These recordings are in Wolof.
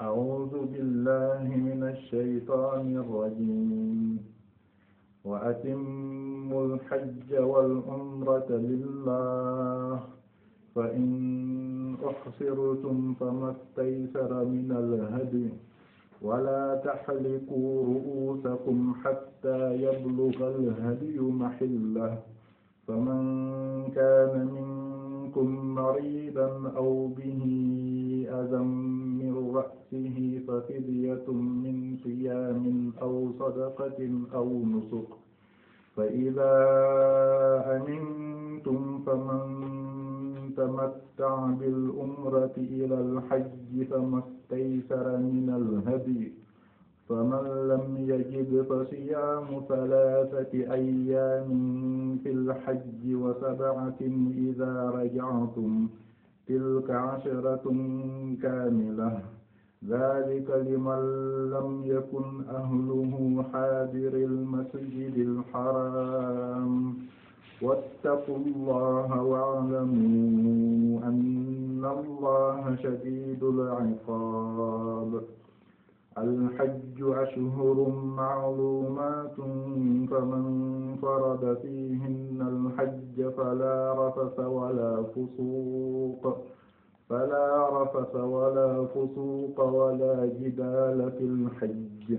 أعوذ بالله من الشيطان الرجيم وأتموا الحج والعمرة لله فإن أحصرتم فما استيسر من الهدي ولا تحلقوا رؤوسكم حتى يبلغ الهدي محله فمن كان منكم مريضا أو به أذى رأسه ففدية من صيام أو صدقة أو نسك فإذا أمنتم فمن تمتع بالأمرة إلى الحج فما استيسر من الهدي فمن لم يجد فصيام ثلاثة أيام في الحج وسبعة إذا رجعتم تلك عشرة كاملة dalika liman lam yakun ahluhu xaadiri almasjidi alxaram wattaqu llaha wa'lamu anna allaha shadidul iqaab alxajju ashhurun macluumaatun faman farada fiihinna alxajja falaa rafasa walaa fusuuqa فلا رفث ولا فسوق ولا جدال في الحج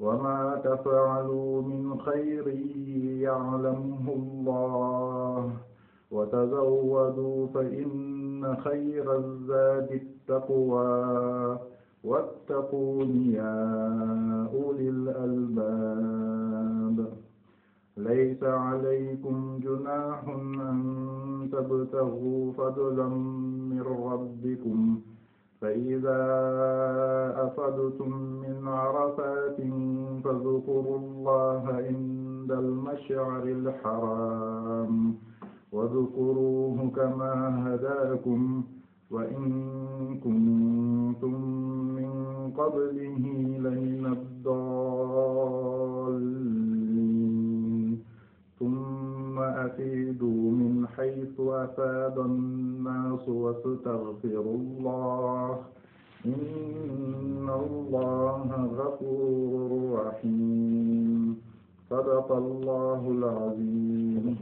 وما تفعلوا من خير يعلمه الله وتزودوا فإن خير الزاد التقوى واتقون يا أولي الألباب ليس عليكم تبتغوا فضلا من ربكم فإذا أفضتم من عرفات فاذكروا الله عند المشعر الحرام واذكروه كما هداكم وإن كنتم من قبله لمن الضالين حيث أفاض الناس واستغفروا الله إن الله غفور رحيم صدق الله العظيم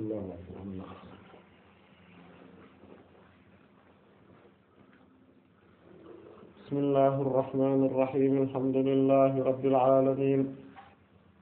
بسم الله الرحمن الرحيم الحمد لله رب العالمين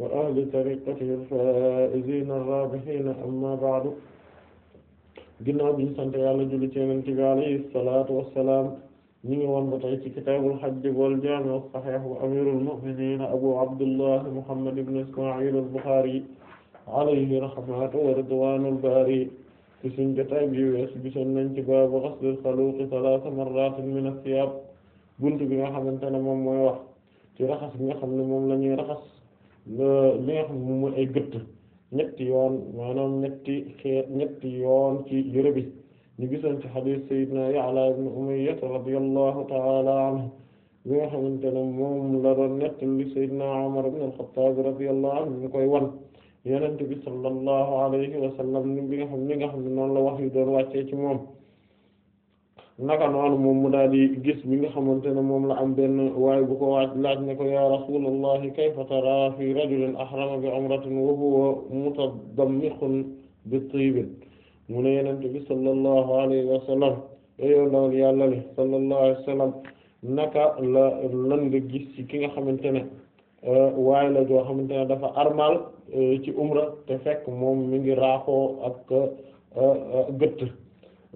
wa ahli tariqatihi al-faa'iziina ar-raabihiina amma ba'du ginnaaw bi ñu sant yàlla julli ci Yonent bi alayhi salaatu wa salaam ñu ngi woon ba tey ci kitaabul hajj wal jaami' as-sahiih wa amiirul mu'miniina abu abdullah muhammad ibn ismaa'iil al-Bukhaari alayhi rahmatu wa ridwaanul baari ci suñu jotaay bi weesu gisoon nañ ci baabu ghaslil xaluuqi salaasa marraatin min as-siyaab bunt bi nga xamante ne moom mooy wax ci raxas bi nga xam ne moom la ñuy raxas li nga xam ne moom mooy ay gëtt ñetti yoon maanaam ñetti xeet ñetti yoon ci yëre bi ñu gisoon ci hadith sayyidina Ya'la ibn Umayya radiyallahu ta'ala anhu bi nga xamante ne moom la doon nettali sayyidina Umar ibn al-Khattab radiyallahu anhu ñu koy wan i bi sallallahu alayhi wa sallam ni nga xam ni ne noonu la wax yu doon wàccee ci moom naka noonu moom mu daal di gis bi nga xamante ne moom la am benn waaye bu ko waaj laaj ne ko ya rasulallahi kayfa tara fi rajulin ahrama bi umratin wa huwa mutadammixun bi tibin mu ne yenente bi sallallahu alayhi wa sallam yow dawal yàlla li sallallahu alayhi wa naka la lan nga gis ci ki nga xamante ne eh, waaye la joo xamante ne dafa armal eh, ci umra te fekk moom mi ngi raaxoo ak eh, gëtt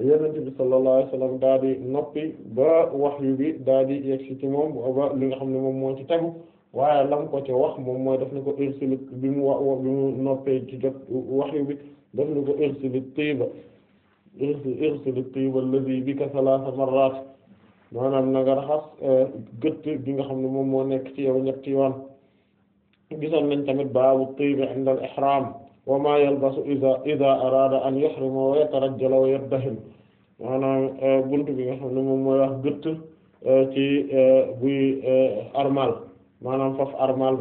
yonent bi sallallahu alayhi wa sallam daa di noppi ba wahyu bi daa di yegsi ci moom ba li nga xam ne moom moo ci tegu waaye lam ko ci wax moom mooy daf ne ko ursulit bi mu wa bi mu noppee ci jot wahyu bi daf ne ko ursulit tiiba ursulit tiiba allazi bika salaasa marrat maanaam na nga raxas eh, gëtt gi nga xam ne moom moo nekk ci yow ñetti yoon gisoon nañ tamit baabu tiiba inda al ihram wa ma yalbasu iza iza arada an yahrima wa yatarajjala wa yaddahin maanaam e, bunt bi nga xam ne moom mooy wax gëtt e, ci e, buy armal maanaam faf armal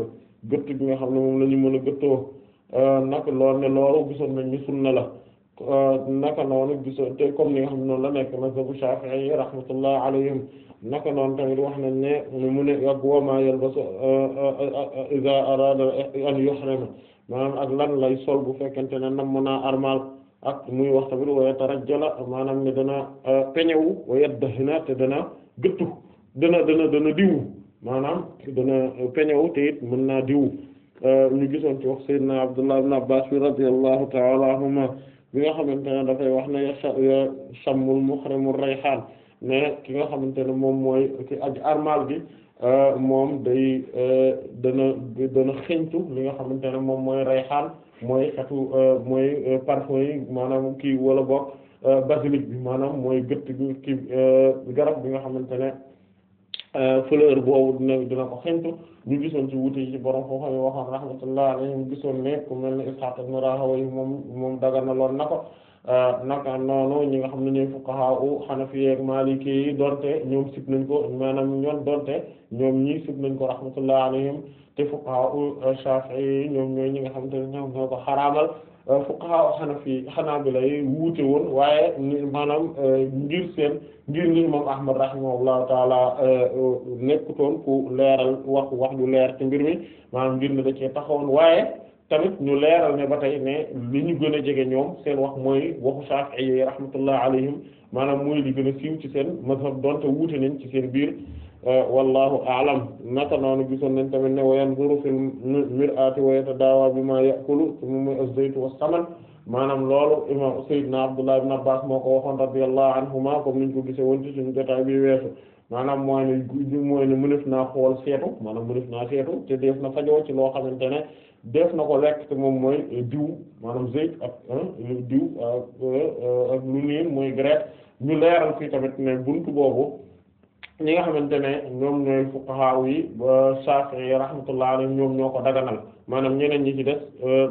bi gët bi nga xam ne moom la ñu mën a gëttoo nag loolu ne loolu gisoon nañ ni sunna la naka noonu gisoo te comme ni nga xam noonu la nekk mazhabu Shafi'i rahmatullah alayhim naka noonu tamit wax nañ ne mu ne ak wa ma yalbasu iza arada an yahrima maanaam ak lan lay sol bu fekkente ne nam naa armal ak muy wax tamit wa yatarajjala maanaam ne dana euh, peñewu wa yaddahina te dana gëttu dana dana dana diwu maanaam dana euh, peñewu te it mën naa diwu euh, ñu gisoon ci wax sayyidina Abdullah ibn Abbas bi radiyallahu ta'ala anhuma bi nga xamante ne dafay wax ne ya shammul muhrimur rayhan ne ki nga xamante ne moom mooy ci aj armal gi Euh, moom day euh, dana dana xëñtu li nga xamante ne moom mooy rayxaan mooy xetu euh, mooy parfum maanaam kii wala boog basilic bi maanaam mooy gëtt gi kii garab bi nga xamante ne fleur boobu dina dina ko xëñtu ñu gisoon ci wuute ci borom foo xam ne waxoon rahmatullah alayhim gisoon ne mel ne Ishaq ibn Rahawayh moom moom daganaloon na ko Euh, naka noonu ñi nga xam ne ñooy fuqaha u xanafi ak maliki yi donte ñoom sib nañ ko maanaam ñoon donte ñoom ñii sib nañ ko rahmatullah alayhim te fuqaha u euh, shafi'i ñoom ñooy ñi nga xam te ne ñoom ñoo ko xaraamal euh, fuqaha u xanafi xanaabila yi wuute woon waaye maanaam ngir seen ngir ni imam ahmad rahimahullahu taala nekkutoon ku leeral wax wax ju leer ci mbir mi maanaam ngir ne da cee taxawoon waaye tamit ñu leeral ne ba tey ne li ñu gën a jege ñoom seen wax mooy waxu Shafi'i yi rahmatullah alayhim maanaam mooy li gën a siiw ci seen mazhab donte wuute nañ ci seen biir euh, wallahu a'lam naka noonu gisoon nañ tamit ne wa yanzuru fil mir'ati wa yatadawa bima ya'kulu mu mooy az-zaytu was-saman maanaam loolu imam Seydina Abdullah ibn moo ko waxoon radiyallahu anhuma comme ñu ko gise woon ci suñu jotaay bi weesu maanaam mooy ne mooy naa xool seetu maanaam mënef naa seetu te def na fajoo ci loo xamante ne def na ko lekk moom mooy euh, diw maanaam zeyt ak euh, diw euh, ak lu niin mooy graisse ñu leeral fii tamit ne buntu boobu ñi nga xamante ne ñoom ñooy fuqaha yi ba Shafi'i rahmatullah alayhi ñoom ñoo ko daganal maanaam ñeneen ñi ci des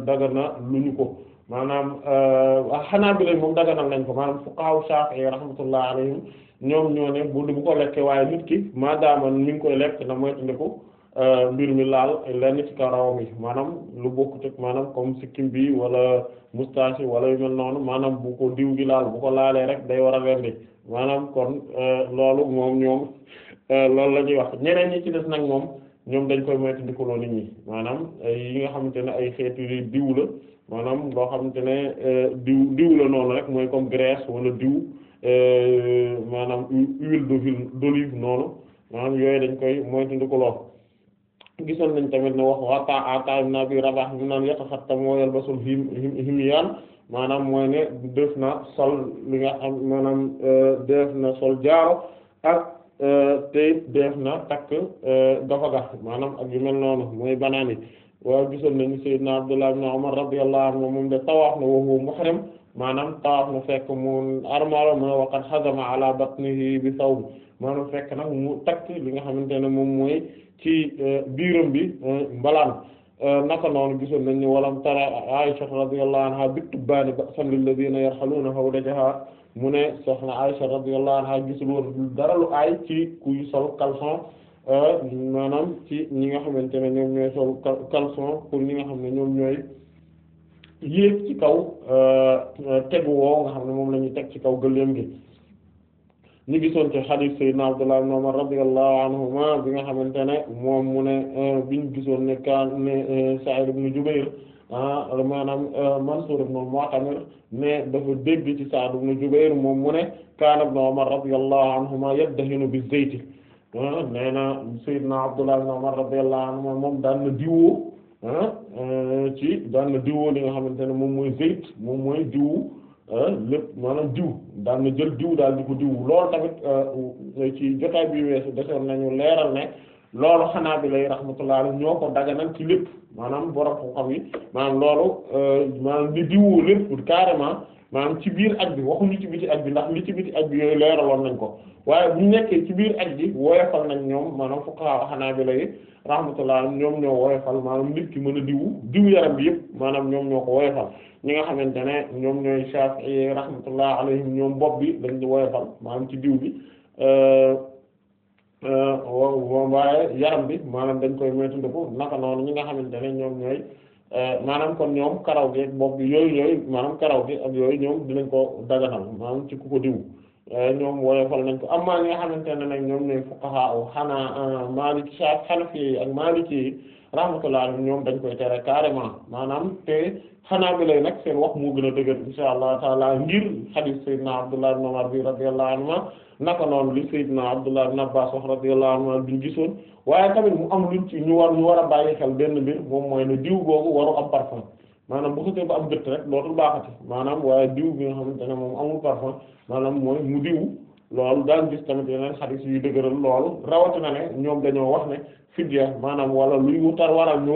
dagana lu ko maanaam Hanabila moom daganal nañ ko maanaam fuqaha Shafi'i rahmatullah alayhim ñoom ñoo ne bu bu ko lekkee waaye nit ki maadaama mi ngi koy lekk na moytandiku Euh, mbir mi laal lenn ci karaw mi maanaam lu bokk ci maanaam comme sikkim bi wala moustache wala yu noonu maanaam bu ko diw gi laal bu ko laalee rek day war a rendi maanaam kon euh, loolu moom ñoom euh, loolu la ñuy wax ñeneen ñi ci des nag moom ñoom dañ koy moytu ndikuloo ñi maanaam yi nga xamante ne ay xeetu diw la maanaam loo xamante ne diw diw la noonu rek mooy comme graisse wala diw maanaam huile d'olive noonu maanaam yooyu dañ koy moytu ndikuloo gisoon nañ tamit ne wax wata ata ibn abi rabah mu naan yataxattam wa yalbasul him himyaan maanaam mooy ne def na sol li nga xam maanaam euh, def na sol jaaro ak euh, te def na takk dafa euh, ga maanaam ak yu mel noonu mooy banaan yi waaw gisoon nañu sayyidna abdullah ibn umar radiyallahu anhu moom de tawaaf na wa muhrim maanaam tawaaf na fekk mu armalo mu ne waqad hazama ala batnihi bi sawb maanaam fekk nag mu takk li nga xamante ne moom mooy ci euh, biiram bi euh, mbalaan euh, naka noonu gisoon nañ ni walam tara Aisha radiyallahu anha bitubbaani ba'san lilladhina yarhaluna hawlajaha mu ne soxna Aisha radiyallahu anha gisul woon dara lu aay ci kuy sol caleçon maanaam ci ñi nga xamante ne ñoom ñooy sol caleçon pour ñi nga xam ne ñoom ñooy yéeg ci kaw tegu woo nga xam ne moom la ñuy teg ci kaw gëléem gi ñu gisoon ci hadith sayyidina Abdullah ibn Umar radiyallahu anhuma bi nga xamante ne moom mu ne euh, biñ gisoon ne kaan ne euh, Sa'id ibn Jubayr ah, maanaam euh, Mansur ibn Mu'tamir ne dafa dégg ci Sa'd ibn Jubayr moom mu ne kaana ibn Umar radiyallahu anhuma yaddahinu bi-zayti ah, nee na Seydina Abdullah ibn Umar radiyallahu anhuma moom daan na diwoo ah, ci daan diwoo li nga xamante ne moom mooy zayt moom mooy diwu Ah lépp maanaam diw daan na jël diw daal di ko diw loolu tamit ah, euh, ci jotaay bi weesu desoon nañu leeral ne loolu xanaa bi lay rahmatullah ñoo ko daganal ci lépp maanaam borom ko xam yi maanaam loolu euh, maanaam di diwoo lépp carrément maanaam ci biir aj bi waxuñu ci biti aj bi ndax li ci biti aj bi yooyu leeraloon nañ ko waaye bu nekkee ci biir aj bi woyofal nañ ñoom maanaam fuqaha hanabila yi rahmatullah ñoom ñoo woyofal maanaam nit ki mën a diwu diwu bi yëpp maanaam ñoom ñoo ko woyofal ñi nga xamante ne ñoom ñooy Shafi'i rahmatullah alayhim ñoom bopp bi dañ di woyofal maanaam ci diw bi euh, euh, waaye yaram bi maanaam dañ koy moytandiku naka noonu ñi nga xamante ne ñoom ñooy Euh, maanaam kon ñoom karaw gi bopp bi yooyu yooyu maanaam karaw gi ak yooyu ñoom dinañ ko daganal maanaam ci ku ko diw euh, ñoom woyofal nañ ko amma ñi nga xamante ne nag ñoom ñooy fuqaha xanaa euh, maliki Hanafi ak maliki rahmatullah ñoom dañ koy tere carrément maanaam te xanaabila nag seen wax moo gën a dëgër insha allah taala ngir xadiis sayyidina abdullah ibn umar bi radiyallahu anhuma naka noonu li sayyidina abdullah ibn abbas wax radiyallahu anhuma duñ gisoon waaye tamit mu am luñ ci ñu war ñu war a bàyyi xel benn mbir moom mooy ne diw googu waru am parfum maanaam bu xësee ba am gët rek dootul baaxati maanaam waaye diw bi nga xamante ne moom amul parfum maanaam mooy mu diw loolu daan gis tamit yeneen xadiis yu dëgëral loolu rawatina ne ñoom dañoo wax ne fidya maanaam wala luy wutar waral ñu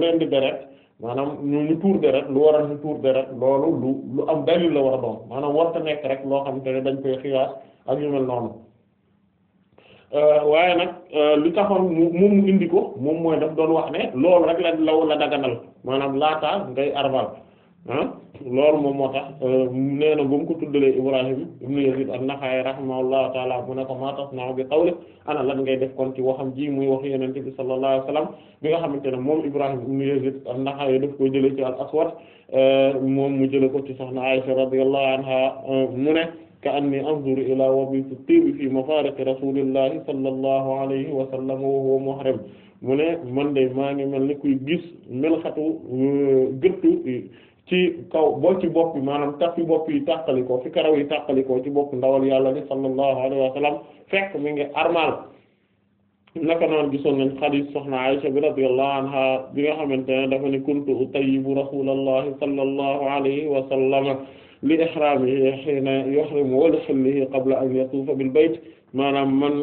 maanaam ñu tuur deret lu waral ñu tuur deret loolu lu lu am dalil la war a doon maanaam warta nekk rek loo xam te ne dañ koy xiyaas ak yu mel noonu euh, waaye nag euh, lu taxoon mu mu indi ko moom mooy daf doon wax ne loolu rek la law la daganal maanaam laata ngay arbal ah loolu moom moo tax euh, nee na ba ko tuddalee Ibrahim ibn Yazid an-Nakha'i rahimahullahu ta'ala mu ne ko ma tasna'u bi qawli ana lan ngay def kon ci waxam ji muy wax Yonent bi sallallahu alayhi wasallam bi nga xamante ne moom Ibrahim ibn Yazid an-Nakha'i daf ko jëlee ci al-Aswad euh, moom mu jëlee ko ci soxna Aisha radiyallahu anha euh, mu ne ka'anni anzuru ila wabiiti tiibi fi mafaariqi rasulillahi sallallahu alayhi wa wa huwa muhrim mu ne man de maa ngi mel ni kuy gis melxatu gëttu ci kaw boo ci bopp bi maanaam tax fi bopp yi tàqalikoo fi karaw yi tàqalikoo ci bopp ndawal yàlla ni sallallahu alayhi wa sallam fekk mi ngi armal naka noon gisoon nañ xadiis soxna Aysa bi radiyallahu anha bi nga xamante ne dafa ne kuntu utayibu rasulallahi sallallahu alayhi wa sallam li ihramihi hina yuhrimu wa li hillihi qabla an yatufa bil bayt maanaam man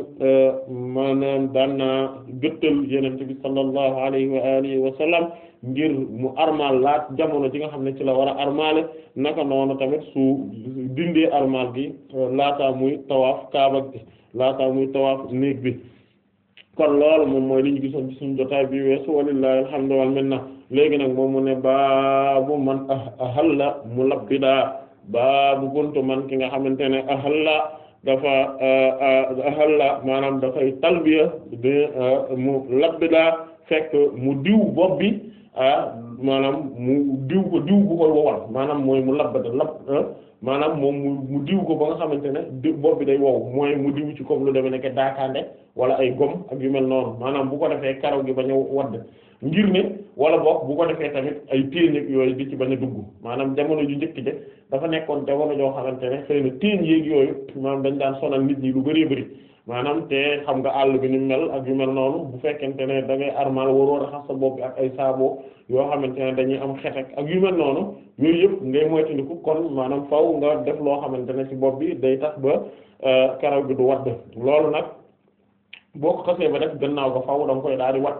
maanaam daan naa gëttal yenente bi sallallahu wa alihi wa sallam ngir mu armal laat jamono ci nga xam ne ci la war a armale naka noonu tamit su dindee armal gi euh, laataa muy tawaaf kaaba gi laataa muy tawaaf néeg bi kon loolu moom mooy li ñu gisoon bi weesu walillahi alhamdu wal minna léegi nag moom mu ne baabu man ah-, ahalla mulabbidaa baabu buntu man ki nga xamante ne ahalla dafa eh, eh, ahalla maanaam dafay talbiya de eh, mu labbida fekk mu diw bopp bi ah, maanaam mu diw ko diw bu koy wowal maanaam mooy mu labbada lab maanaam moom mu diw ko ba nga xamante ne diw bopp bi day wow mooy mu diw ci comme lu demee nekk daakaande wala ay gom ak yu mel noonu maanaam bu ko defee karaw gi ba ñëw wadd ngir ne wala boog bu ko defee tamit ay téeñ ak yooyu di ci bañ a dugg maanaam jamono ju njëkk de dafa nekkoon jamono joo xamante ne xëy yéeg yooyu dañ daan sonal nit ñi lu bëree bëri maanaam xam nga àll bi ni mel ak yu mel noonu bu fekkente ne da ngay armal waroo raxas sa bopp ay saabo yoo xamante ne dañuy am xet ak yu mel noonu yooyu yëpp ngay moytandiku kon maanaam faw nga def loo xamante ne ci bopp bi day tax ba euh, karaw bi du wadd loolu nag boo ko xasee ba def gannaaw ba faw da nga koy daal di wat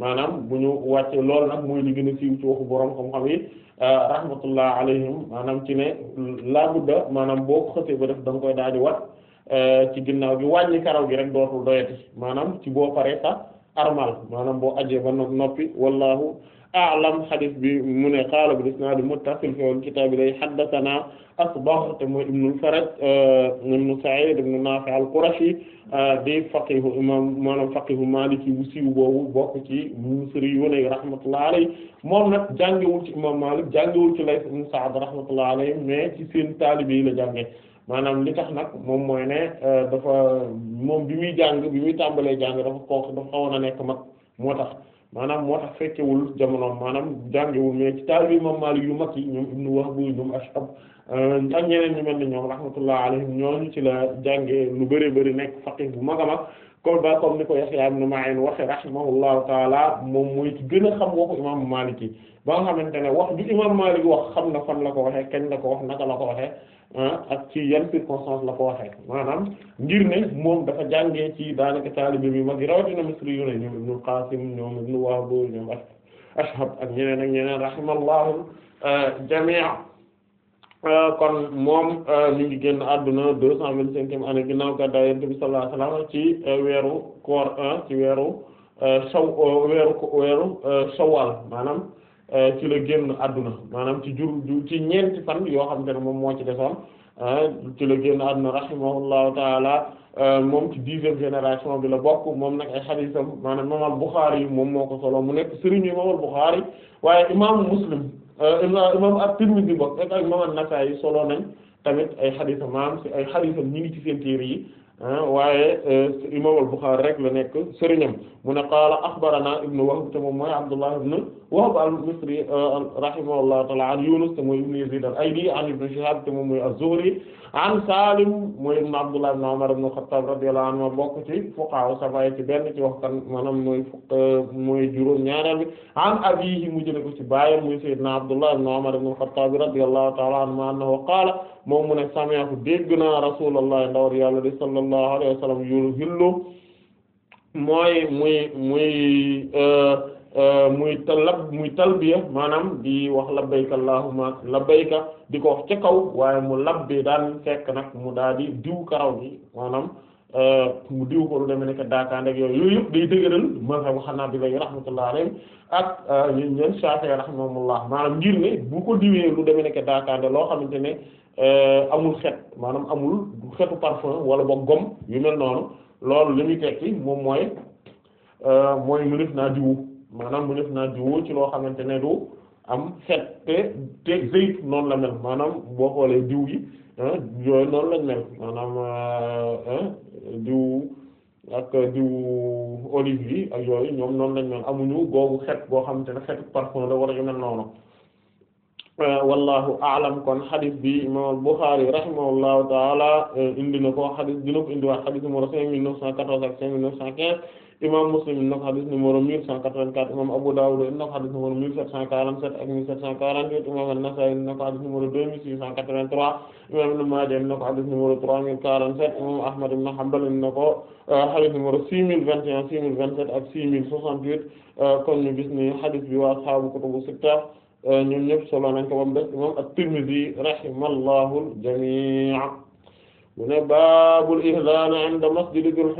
maanaam bu ñu wàccee lool nag mooy li gën a siiw ci waxu borom xam-xam yi euh, rahmatullah alayhim maanaam ci ne labudda maanaam boo ko ba def danga koy daal di wat euh, ci ginnaaw gi wàññi karaw gi rek dootul doyati maanaam ci boo paree sax armal maanaam boo ajee ba noppi wallahu a'lam xadis bi mu ne bi qaala bil isnaad muttasil fil kitaab lay haddathanaa Asbagh te mooy ibnu al-Faraj ibnu Sa'id ibnu Naafi' al-Qurashi di faqihu imaam maanaam faqihu Maliki bu siiw boobu bokk ci Misri yu ne rahmatullahi alayhi moom nag jàngewul ci imaam Maalik jàngewul ci Layth ibnu Sa'd rahmatullahi alayhi mais ci seen taalibe yi la jàngee maanaam li tax nag moom mooy ne dafa moom bi muy jàng bi muy tàmbalee jàng dafa kooku dafa xawoon a nekk mag moo tax. maanaam moo tax fekkewul jamonoom maanaam jàngewul mais ci taal bi imam Maalik yu mag yi ñoom ibnu Wahb ñoom Ash'ab euh, ak ñeneen ñu mel ni ñoom rahmatullah alayhim ñooñu ci la jànge lu bëri bëri nekk faqih bu mag a mag comme ba comme ni ko Yahya ibn Ma'in waxe rahimahullahu taala moom mooy ci gën a xam waxu imam Maalik yi ba nga xamante ne wax ju imam Maalik wax xam na fan la ko waxe kañ la ko wax naka la ko waxe ak ci yan circonstance la ko waxee maanaam ngir ne moom dafa jànge ci daanaka taalibe bi mag yi rawatina misri yu ñoom ibnu Qaasim ñoom ibnu Wahb ñoom Ashhab ak ñeneen ak ñeneen rahimallahu euh, jami'a euh, kon moom ñu euh, ngi génn àdduna deux cent vingt-cinquième année ginnaaw gàddaay Yonent bi sallallahu alayhi wasallam ci weeru koor ci weeru saw weeru weeru maanaam Euh, ci la génn àdduna maanaam ci jur ci ñeenti fan yoo xam te ne moom moo ci desoon euh, ci la génn àdduna rahimahullahu taala euh, moom ci dixième génération bi la bokk moom nag ay xadiisam maanaam imaam al Buxaari yi moom moo ko solo mu nekk sëriñu imaam al Buxaari waaye imaamu Muslim imaam at-Tirmidhi bokk ak imaam an-Nasaa'i solo nañ tamit ay xadiisam maanaam ci ay xadiisam ñi ngi ci seen téere yi waaye euh, imam al-Bukhari rek la nekk sëriñam mu ne qaala axbarana ibnu Wahb te moom mooy Abdullah ibnu Wahb al-Misri euh, rahimahullahu ta'ala an Yunus te mooy ibnu Yazid al-Ayli an ibnu Shihab te moom mooy az-Zuhri an Salim mooy ibnu Abdullah ibnu Umar ibnu Khattab radiyallahu anhu bokk ci fuqaha sab'a ci benn ci waxtaan maanaam mooy euh, mooy juróom-ñaareel bi an abiihi mu jële ko ci baayam muy sayyidina Abdullah ibnu Umar ibnu Khattab radiyallahu ta'ala anhu annahu qaala moom mu ne sami'tu dégg naa Rasulullah sallallahu alayhi wa sallam mooy muy muy euh, euh, muy talab muy talbiya maanaam di wax labbayka allahumma labbayka di ko wax ca kaw waaye mu labbe daan fekk nag mu daal di diw karaw gi maanaam euh, mu diw ko lu demee nekk daakaande ak yooyu yooyu yëpp day dëgëral mazhabu hanabila yi rahmatullahi alayhim ak ñun ñeen shafi'i rahimahumullah maanaam ngir ne bu ko diwee lu demee nekk daakaande loo xamante ne amul xet maanaam amul xetu parfum wala boog gomme yu mel noonu loolu li muy tekki moom mooy euh, mooy mu naa diwu maanaam mu naa diwu ci loo xamante ne du am xet te te zeyt la mel maanaam boo xoolee diw yi yooyu noonu lañ mel maanaam euh, diw ak diw olive yi ak yooyu ñoom noonu lañ mel amuñu googu xet boo xamante ne xetu parfum la wala yu mel noonu Euh, wallahu a'lam kon xadis bi imam al-Bukhari rahimahullahu taala euh, indi na ko xadis dina indi waat xadis numéro cinq mille neuf cent quatorze ak cinq mille neuf cent quinze imam Muslim indi na ko xadis numéro cent quatre-vingt-quatre imam Abu Dawud indi na ko xadis numéro mille cent quarante-sept ak mille sept cent quarante-huit imam an-Nasa'i indi na ko xadis deux mille six cent quatre-vingt-trois imam Ahmad ibn Hanbal indi na ko xadis euh, six mille vingt et ñoom ñëpp solo nañ ko bam des imam at-Tirmidhi rahimallahu al-jami' mu ne baabul ihlaal 'inda masjid Dhul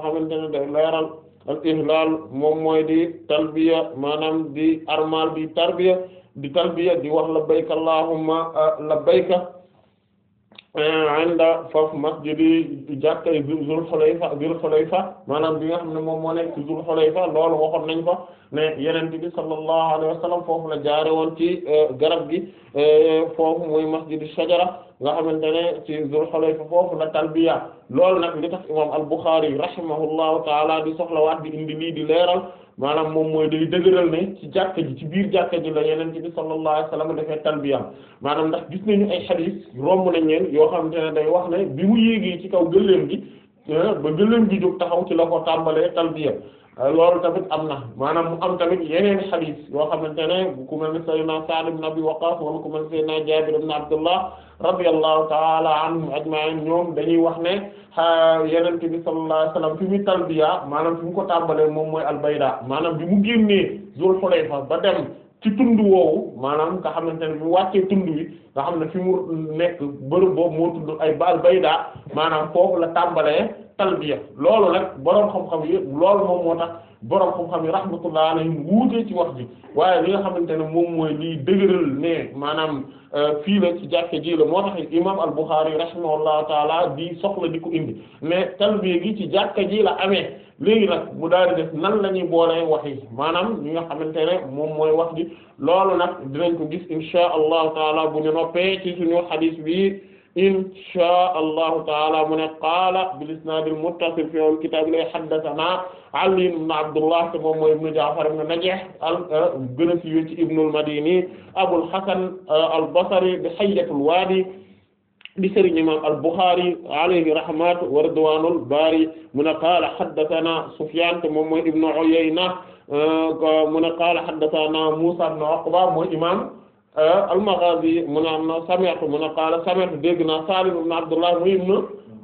xamante ne leeral al ihlaal moom mooy di talbiya maanaam di armal di tarbiya di talbiya di wax labbayka allahumma ah, labbayka inda foofu masjidi jàkkay Zul Xulayfa Zul Xulayfa maanaam bi nga xam ne moom moo nekk Zul Xulayfa loolu waxoon nañ ko ne yonent bi sallallahu alayhi wa sallam foofu la jaare woon ci euh, garab gi euh, foofu muy masjidi shajara nga xamante ne ci Zul Xulayfa foofu la talbiya lool nag li tax imaam al-Bukhari rahimahullahu taala di soxla waat di indi lii di leeral maanaam moom mooy day dëgëral ne ci jàkka ji ci biir jàkka ji la yeneen bi sallallahu alayhi wasallam dafay talbiyaam maanaam ndax gis nañu ay xadiis romb nañ leen yoo xamante ne day wax ne bi mu yéegee ci kaw gëléem gi ah, ba gëléem gi jóg taxaw ci la ko tàmbalee talbiya loolu tamit am na maanaam mu am tamit yeneen xadis yoo xamante ne ku mel ne sayyidina Sa'd ibn Abi Waqqas wala ku mel ne sayyidina Jaabir ibn Abdullah radiyallahu ta'ala anhum ajma'in ñoom dañuy wax ne Yonent bi sallallahu alayhi wasallam fi mu talbiya maanaam fi mu ko tàmbalee moom mooy albayda maanaam bi mu génnee Zul Xulayfa ba dem ci tund woowu maanaam nga xamante ne bu wàccee tund wi nga xam ne fi mu nekk bërëb boobu moo tudd ay albayda maanaam foofu la tàmbalee talbiya loolu nag boroom xam-xam yi loolu moom moo tax boroom xam-xam yi rahmatullah alayhim wuutee ci wax ji waaye li nga xamante ne moom mooy liy dëgëral ne maanaam euh, fii la ci jàkke ji la moo tax imam al-Bukhari rahimahullahu taala di soxla di ko indi mais talbiya gi ci jàkke ji la amee léegi nag mu daal di def nan la ñuy boolee wax yi maanaam ñi nga xamante ne moom mooy wax ji loolu nag dinañ ko gis insha allahu taala bu ñu noppee ci suñu xadiis bi insha allahu taala mu ne qaala bil isnaadil muttasil fi al kitaab li haddathana Ali ibn Abdullah te moom mooy ibn Ja'far ibn Najih al euh, gën a siiwee ci Ibn al-Madini Abul Hasan euh, al-Basri bi Hayyatul Wadi di sëriñ imam al-Bukhari alayhi rahmatu wa ridwanul bari mu ne qaala haddathana Sufyan te moom mooy ibn Uyayna euh, mu ne qaala haddathana Musa ibn Uqba mooy imam Euh, al-Maghazi mu ne am na sami'tu mu ne qaala sami'tu dégg naa Salim ibn Abdullah muy ibn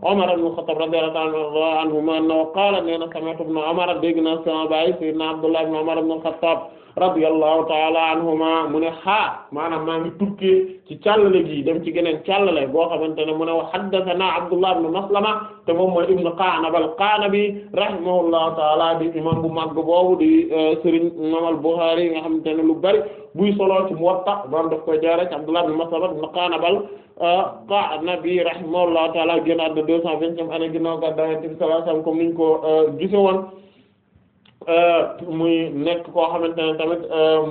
Umar ibn Khattab radiyallahu anhuma annahu qaala nee na sami'tu ibn Umar dégg naa sama baay sayyidina Abdullah ibn Umar ibn Khattab radiyallahu ta'ala anhuma mu ne xaa maanaam maa ngi tukkee ci càllale gi dem ci geneen càllale boo xamante ne mu ne wa haddathana Abdullah ibn Maslama te moom mooy ibnu Qa'nab al-Qa'nabi rahimahullahu taala di imam bu mag boobu di eh, Serigne imam al-Bukhari yi nga xamante ne lu bari buy solo ci Muwatta doon daf koy jaare ci Abdullah ibn Mas'ud ibn Qa'nab al-Qa'nabi eh, rahimahullahu taala génn àdduna deux cent vingtième année ginnaaw gàddaay Yonent bi sallallahu alayhi wasallam comme niñ ko eh, gise woon muy nekk koo xamante ne tamit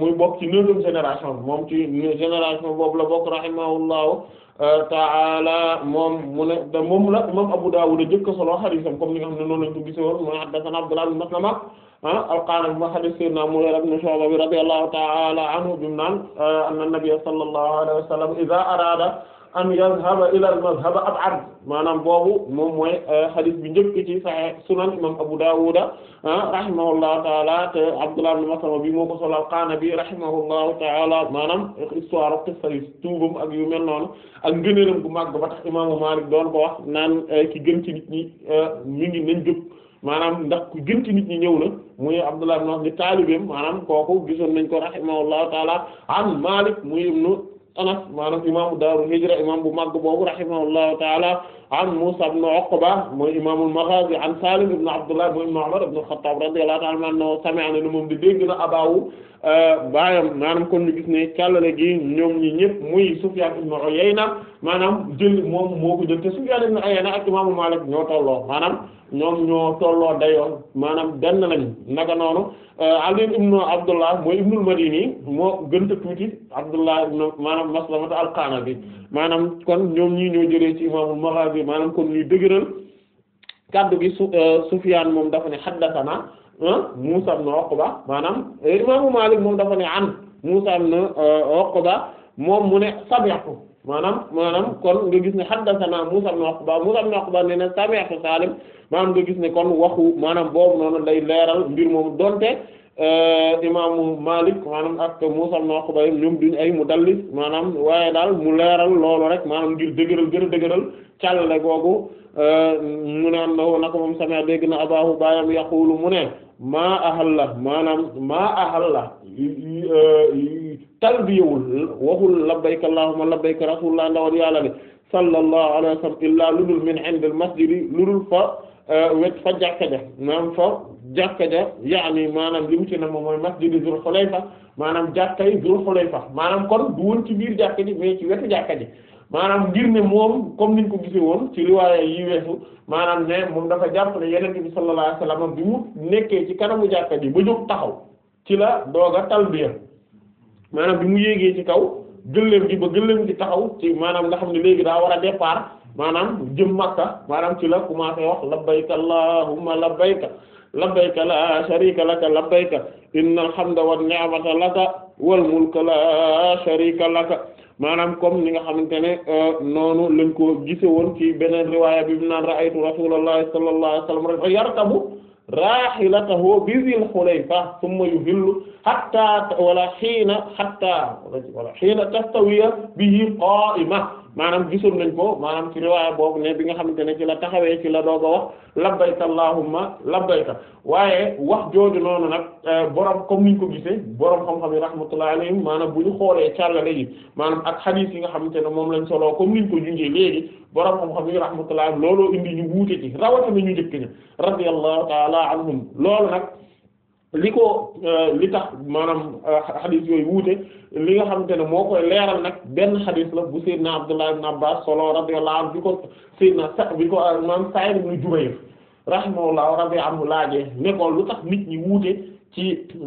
muy bokk ci neuvième génération moom ci génération boobu la bokk rahimahullahu Euh, ta'ala moom mu ne da moom la moom Abu Dawud jëkk solo xadisam comme ni nga xam ne noonu lañ ko gisee woon mu haddathana Abdullah ibn Maslama ah, al-Qanabi ma hadis sayyidina Mughira ibn Shu'ba radiyallahu ta'ala anhu bi mu naan euh, anna nabiyya sallallahu alayhi wa sallam an yazhaba ila al mazhaba ab'ad maanaam boobu moom mooy hadith euh, bi njëkk ci sahih sunan imam Abu Dawud ah, rahimahullahu ta'ala te Abdullah ibn Maslama bi moo ko solo al-Qanabi rahimahullahu ta'ala maanaam histoire ak qissa yi tuubam ak yu mel noonu ak ngëneelam gu màgg ba tax imaamu Malik doon ko wax naan euh, ki gën ci nit ñi euh, mi ngi nañ jóg maanaam ndax ku gën ci nit ñi ñëw na muy Abdullah ibn Maslama ni taalibeem maanaam kooku gisoon nañ ko rahimahullahu ta'ala an Anas maanaam imaamu daaru hijra imaam bu màgg boobu rahimahullahu taala an Musa ibn Uqba mooy imaamul Maghazi an Salim ibn Abdullah mooy ibn Umar ibn Khattab radiyallahu ta'ala na abaawu euh, baayam gis ne càllale gi ñoom ñi ñëpp muy Sufyan ibn Uyayna maanaam jël moo ko jël te Sufyan ibn Uyayna ak imaamu Malik ñoo tolloo maanaam maanaam benn lañ naka noonu euh, Ali ibn Abdullah mooy ibnul Madini moo gën a Abdullah maanaam Maslamata al-Qanabi maanaam kon ñoom ñii ñoo jëlee ci imaamul Maghazi bi maanaam kon ñuy dëgëral kaddu gi su euh, Sufyaan moom dafa ne haddathana euh, Muusaa ibn Uqba maanaam euh, imaamu Maalik moom dafa ne an Muusaa ibn Uqba moom mu ne sami'tu maanaam maanaam kon nga gis ne haddathana Muusaa ibn Uqba Muusaa ibn Uqba ne ne sami'tu Saalim maanaam nga gis ne kon waxu maanaam boobu noonu lay leeral mbir moom donte. Euh, imaamu Malik maanaam ak Muusaa ibn Uqba ñoom duñ ay mudallis maanaam waaye daal mu leeral loolu rek maanaam ngir dëgëral gën a dëgëral càllale googu euh, mu ne annahu naka moom sami'a dégg na abaahu baayam yaqulu mu ne maa ahalla maanaam maa ahalla euh, talbiyawul waxul labbayka allahumma labbayka rasulullah ndawal yàlla sallallahu alayhi wa sallam illaa min indil masjidi ludul fa Euh, wet fa jàkka ja maanaam fa jàkka ja yaani maanaam li mu ci na moom mooy masjid Zul Xulayfa maanaam jàkka yi Zul maanaam kon du woon ci biir jàkka ji mais ci wetu jàkka ji maanaam ngir ne moom comme niñ ko gisee woon ci riwaaya yi maanaam moom dafa jàpp ne Yonent bi sallallahu alayhi wasallam bi mu nekkee ci kanamu jàkka ji ba jóg taxaw ci la dooga talbiya maanaam bi mu yéegee ci kaw gëléem gi ba gëléem gi taxaw ci maanaam nga xam ne léegi daa war a départ maanaam jëm Makka maanaam ci la commencé wax labbayka allahumma labbayka labbayka la sharika laka labbayka innal hamda wan ni'mata laka wal mulka la sharika laka maanaam comme ni nga xamante ne euh, noonu lañ ko gise woon ci beneen riwaaya bi mu naan ra'aytu rasulallahi sallallahu alayhi wasallam rek yarkabu rahilatahu bi zil hulayfa thumma yuhillu hatta wala hiina hatta wala hiina tastawiya bihi qa'ima maanaam gisoon nañ ko maanaam ci riwaaya boobu ne bi nga xamante ne ci la taxawee ci la doog a wax labbayka allahumma labbayka waaye wax jooju noonu nag eh, borom comme niñ ko gisee borom xam-xam yi rahmatullahi alayhim maanaam bu ñu xoolee càllale yi maanaam ak xadiis yi nga xamante ne moom lañ soloo comme niñ ko junjee léegi borom xam-xam yi rahmatullahi looloo indi ñu wuute ci rawatina ñu njëkk ña radiyallahu ta'ala anhum loolu nag li ko euh, li tax maanaam euh, xadis yooyu wuute li nga xamante ne moo koy leeral nag benn xadis la bu Seydina Abdullah ibn Abbas solo radiyallahu anhu bi ko Seydina sa bi ko euh, maanaam Sa'id ibn Jubayr rahimahullahu rabbi am laajee ne ko lu tax nit ñi wuute ci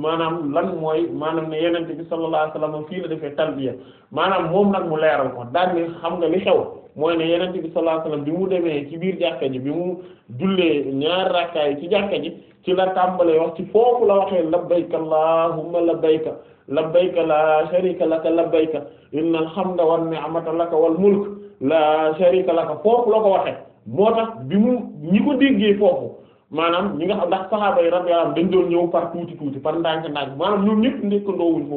maanaam lan mooy maanaam ne yenente bi sallallahu alayhi wasallam fii la defee talbiya maanaam moom nag mu leeral ko daal ni xam nga li xew mooy ne yenent bi sallallahu alayhi wasallam bi mu demee ci biir jàkka ji bi mu jullee ñaar rakkaa yi ci jàkka ji ci la tàmbalee wax ci foofu la waxee labbayka allahumma labbayka labbayka la sharika laka labbayka innal hamda wan ni'mata laka wal mulk la sharika laka foofu la ko waxee moo tax bi mu ñi ko déggee foofu maanaam ñi nga xam ndax saxaaba yi radiyallahu anhum dañ doon ñëw par tuuti tuuti par ndànk ndànk maanaam ñoom ñëpp nekk ndoowuñ fa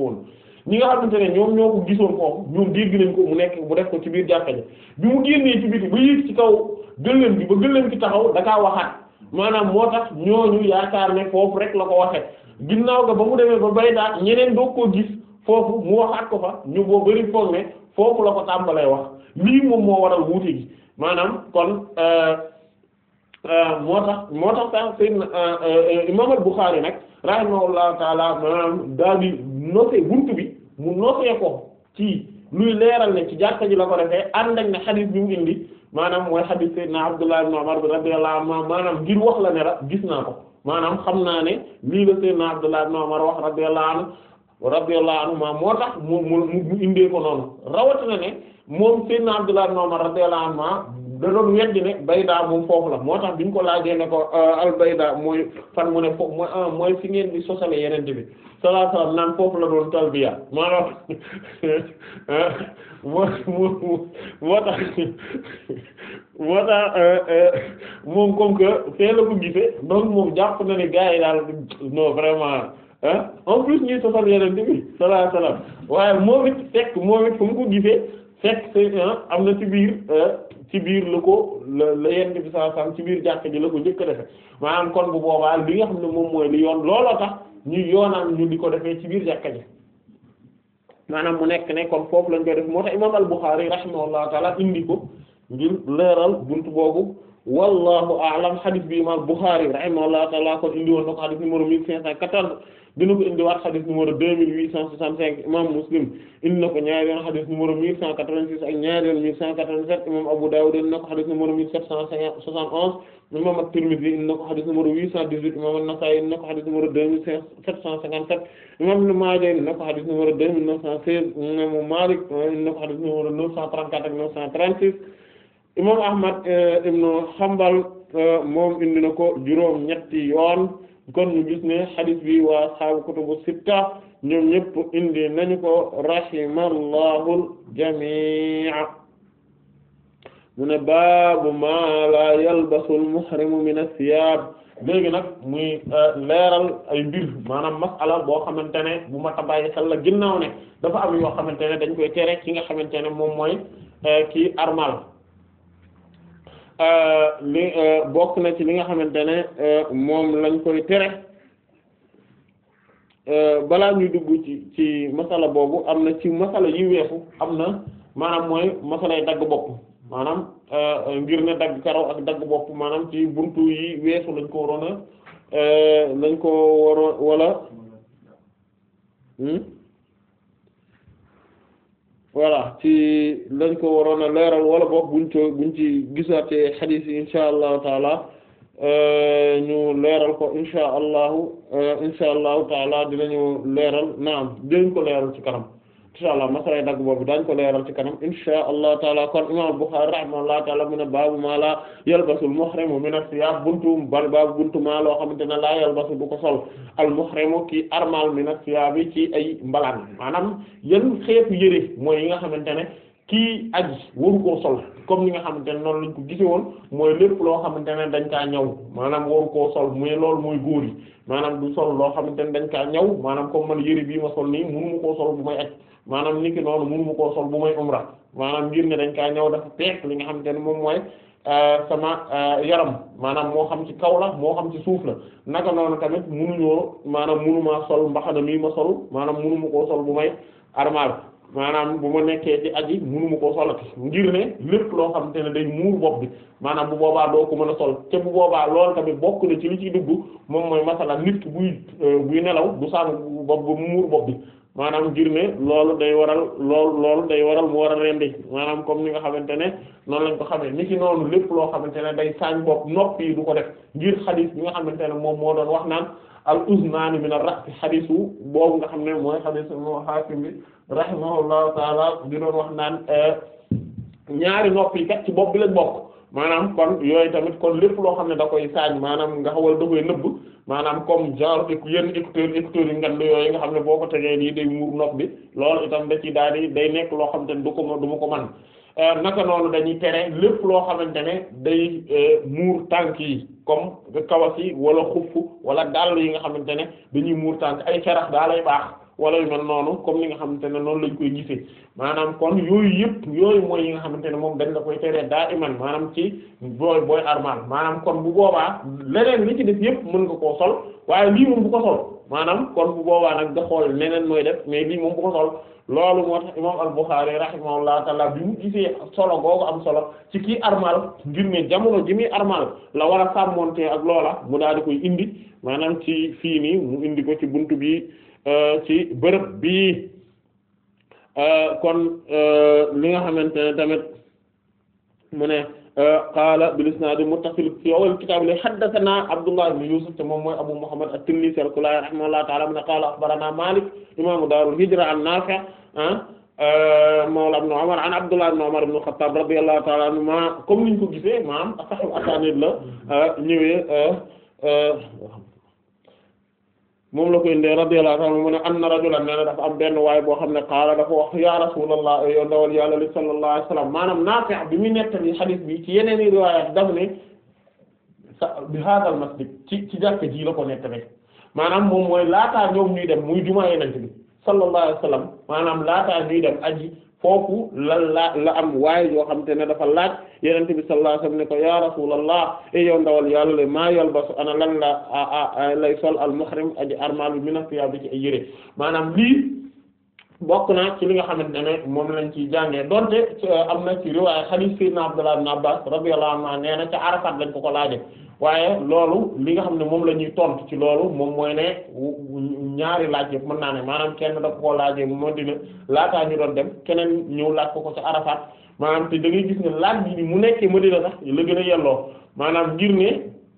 ñi nga xam xamante ne ñoom ñoo ko gisoon foofu ñoom dégg nañ ko mu nekk mu def ko ci biir jàkka ji bi mu génnee ci biti ba yéeg ci kaw gëléem gi ba gëléem gi taxaw da kaa waxaat maanaam moo tax ñooñu yaakaar ne foofu rek la ko waxee ginnaaw ga ba mu demee ba bay daat ñeneen doo koo gis foofu mu waxaat ko fa ñu boo bari foog ne foofu la ko tàmbalee wax lii moom moo waral wuute gi maanaam kon euh, euh, moo tax moo tax sax seen euh, imaam al Buxaari nag rahimahullahu taala maanaam nosee buntu bi mu nosee ko ci luy leeral ne ci jàkka ji la ko defee ànd ak ne xadis bi mu indi maanaam mooy xadis naa Abdullah ibn Umar bi radiyallahu anhu maanaam ngir wax la ne la gis naa ko maanaam xam naa ne lii la Seydina Abdullah ibn Umar ma moo tax mu mu mu indee ko noonu rawatina ne moom Seydina Abdullah ibn Umar radiyallahu anhu da doon weddi ne moom foofu la moo tax bi ñu ko laajee ne ko euh, al mooy fan mu ne foofu mooy euh, mooy fi ngeen di sosale yeneen bi sallallahu alayhi la doon talbiya maanaam moo ko gisee donc moom yi daal non bi sallallahu alayhi waaye moom it fekk moom it fu mu ko gisee. fekk say eh, am na ci biir eh, ci biir la ko la la yenn bi saa saam ci biir jàkk ji la ko njëkk a defe maanaam kon bu boobaa li nga xam ne moom mooy li yoon looloo tax ñu yoonaan ñu di ko defee ci biir jàkka ji maanaam mu nekk ne kon foofu lañ ko def moo tax imaam al-Bukhari rahimahullahu taala indi ko ngir leeral bunt boobu wallahu a'lam xadis bi imam Bukhari rahimahullahu ta'ala kon indi woon na ko xadis cinq cent quatorze dina ko indiwaat xadis numéro deux mille huit cent cinq imam Muslim indi na ko ñaari yoon xadis numéro cent quatre six ak ñaari yoon mille cent quatre vingt imam Abu Dawud indi na ko xadis numéro mille sept cent soixante onze imam At-Tirmidhi indi na ko xadis huit cent dix-huit imam An-Nasa'i indi na ko xadis numéro imam ahmad eh, ibnu hanbal eh, moom indi na ko juróom ñetti yoon kon ñu gis ne hadith bi waa ashaabu kutubu sitta ñoom ñëpp indi nañu ko rahimallahu jami'a mu ne baabu ma la yalbasu al muhrimu min ath-thiyab léegi nag muy eh, leeral ay mbir maanaam masala boo xamante ne bu ma tabayyi xel la ginnaaw ne dafa am yoo xamante ne dañ koy tere ki nga xamante ne moom mooy kii armal Euh, li euh, bokk na ci li nga xamante ne euh, moom lañ koy tere balaa ñuy dugg ci ci masala boobu am na ci masala yi weesu am na maanaam mooy masalay dagg bopp maanaam ngir ne dagg karaw ak dagg bopp maanaam ci buntu yi weesu lañ ko waroon a lañ ko waroon wala. Hmm? voilà ci lañ ko waroon leeral wala boog buñ ci buñ ci gisaatee xadiis yi insha allahu taala euh, ñu leeral ko insha allahu euh, insha allahu taala dinañu leeral naam dinañ ko leeral ci kanam. insha allah masalay dagg boobu dañ ko leeral ci kanam insha allah taala kon imam Bukhari rahimahullah taala mu ne baabu maa laa yalbasul muhrimu min as-siyaab buntu bal baabu buntu maa loo xamante ne laa yalbasu du ko sol al muhrimu ki armal min as-siyaab bi ci ay mbalaan maanaam yan xeetu yëre mooy yi nga xamante ne kii aji waru koo sol comme ni nga xamante ne noonu lañ ko gise woon mooy lépp loo xamante ne dañ kaa ñaw maanaam waru koo sol muy loolu mooy góor yi maanaam du sol loo xamante ne dañ kaa ñaw maanaam comme man yëre bii ma sol nii maanaam niki noonu mënu koo sol bu may umra maanaam ngir ne dañ kaa ñëw dafa peek li nga xamante ne moom mooy euh, sama euh, yaram maanaam moo xam ci kaw la moo xam ci suuf la naka noonu tamit mënuñoo maanaam mënu maa sol mbaxana mii ma sol maanaam mënu mu koo sol bu may armal maanaam bu ma nekkee di aji mënu ma koo solati ngir ne lépp loo xamante ne day muur bopp bi maanaam bu boobaa doo ko mën a sol te bu boobaa lool tamit bokk na ci li ci dugg moom mooy masala nit buy euh, buy nelaw du sànn bopp ba muur bopp maanaam ngir ne loolu day waral loolu loolu day waral mu war a rendi maanaam comme ni nga xamante ne noonu lañ ko xamee ni ki noonu lépp loo xamante ne day saañ bopp nopp yi du ko def ngir xadis bi nga xamante ne moom moo doon wax naan al uznaani min ar ra'si xadisu boobu nga xam ne mooy xadisu moo xaakim bi rahimahullahu taala di doon wax naan eh, ñaari nopp yi kat ci bopp bi lañ bokk maanaam kon yooyu tamit kon lépp loo xam ne da koy saañ maanaam nga xawal da koy nëbb maanaam comme genre yenn écouteurs écouteurs yu ngand yooyu nga xam ne boo ko tegee nii day muur nopp bi loolu itam da ci daal di day nekk loo xam te ne du ko du ma ko man euh, naka noonu dañuy tere lépp loo xamante ne day euh, muur tànk yi comme kawas yi wala xuff wala daal yi nga xamante ne dañuy muur tànk ay carax daa baax wala yu mel noonu comme ni nga xamante ne noonu lañ koy gisee maanaam kon yooyu yëpp yooyu mooy yi nga xamante ne moom dañ la koy teree daa iman maanaam ci booy booy armal maanaam kon bu boobaa leneen li ci def yëpp mën nga koo sol waaye lii moom ko maanaam kon bu boobaa nag nga xool leneen mooy def mais lii moom bu ko sol loolu moo tax imam al-Bukhari rahimahullah taala bi mu gisee solo googu am solo ci kii armal ngir ne jamono ji muy armal la war a sàmmonte ak loola mu daal di koy indi maanaam ci fii nii mu indi ko ci buntu bi Euh, ci bërëb bii euh, kon euh, li nga xamante ne tamit mu ne qaala bil isnaadi muttasil fi awwal kitaab li haddathanaa Abdullah ibn Yusuf te moom mooy Abu Muhammad at-Tinnisi al-Kullaa'i rahimahullahu ta'aala mu ne qaala akhbaranaa Maalik imaamu daarul hijra an Naafi' ah, mawla ibn Umar an Abdullah ibn Umar ibn al-Khattaab radiyallahu ta'aala anhumaa comme niñ ko gisee maam sax asaanid la ñëwee. moom la koy indee radiyallahu na mu ne anna rajulan nee na am benn waay boo xam ne qaala dafa wax ya rasulullah yow ndawal yàlla li sallallahu alayhi wasallam maanaam Naafi' bi muy nettali xadiis bi ci yeneen i riwaayaat daf ne sa bi haadal masjid ci ci jàkka ji la ko nettali maanaam moom mooy laataa ñoom ñuy dem muy jumaa yeneen bi sallallahu alayhi maanaam laataa ñuy dem aji foofu la laa la am waaye yoo xam te ne dafa laaj yenente bi sallallahu alayhi wasallam ne ko ya rasulallah e yow ndawal yàlla maa yalbasu ana lan la lay sol al muhrim aji armal bi mina a bi ci ay yére maanaam lii bokk naa ci li nga xamante ne moom lañ ciy jàngee donte euh, am na ci riwaaya hadith sayyidina Abdullah ibn Abbas radiyallahu anhu nee na ca Arafat lañ ko ko laaje waaye loolu li nga xam ne moom la ñuy tontu ci loolu moom mooy ne ñaari laaj yëpp mën naa ne maanaam kenn da koo laajee mu mënti ne laataa ñu doon dem keneen ñëw laaj ko ko ca Arafat maanaam te da ngay gis ne laaj bi mu nekkee Madina sax la gën a yelloo maanaam ngir ne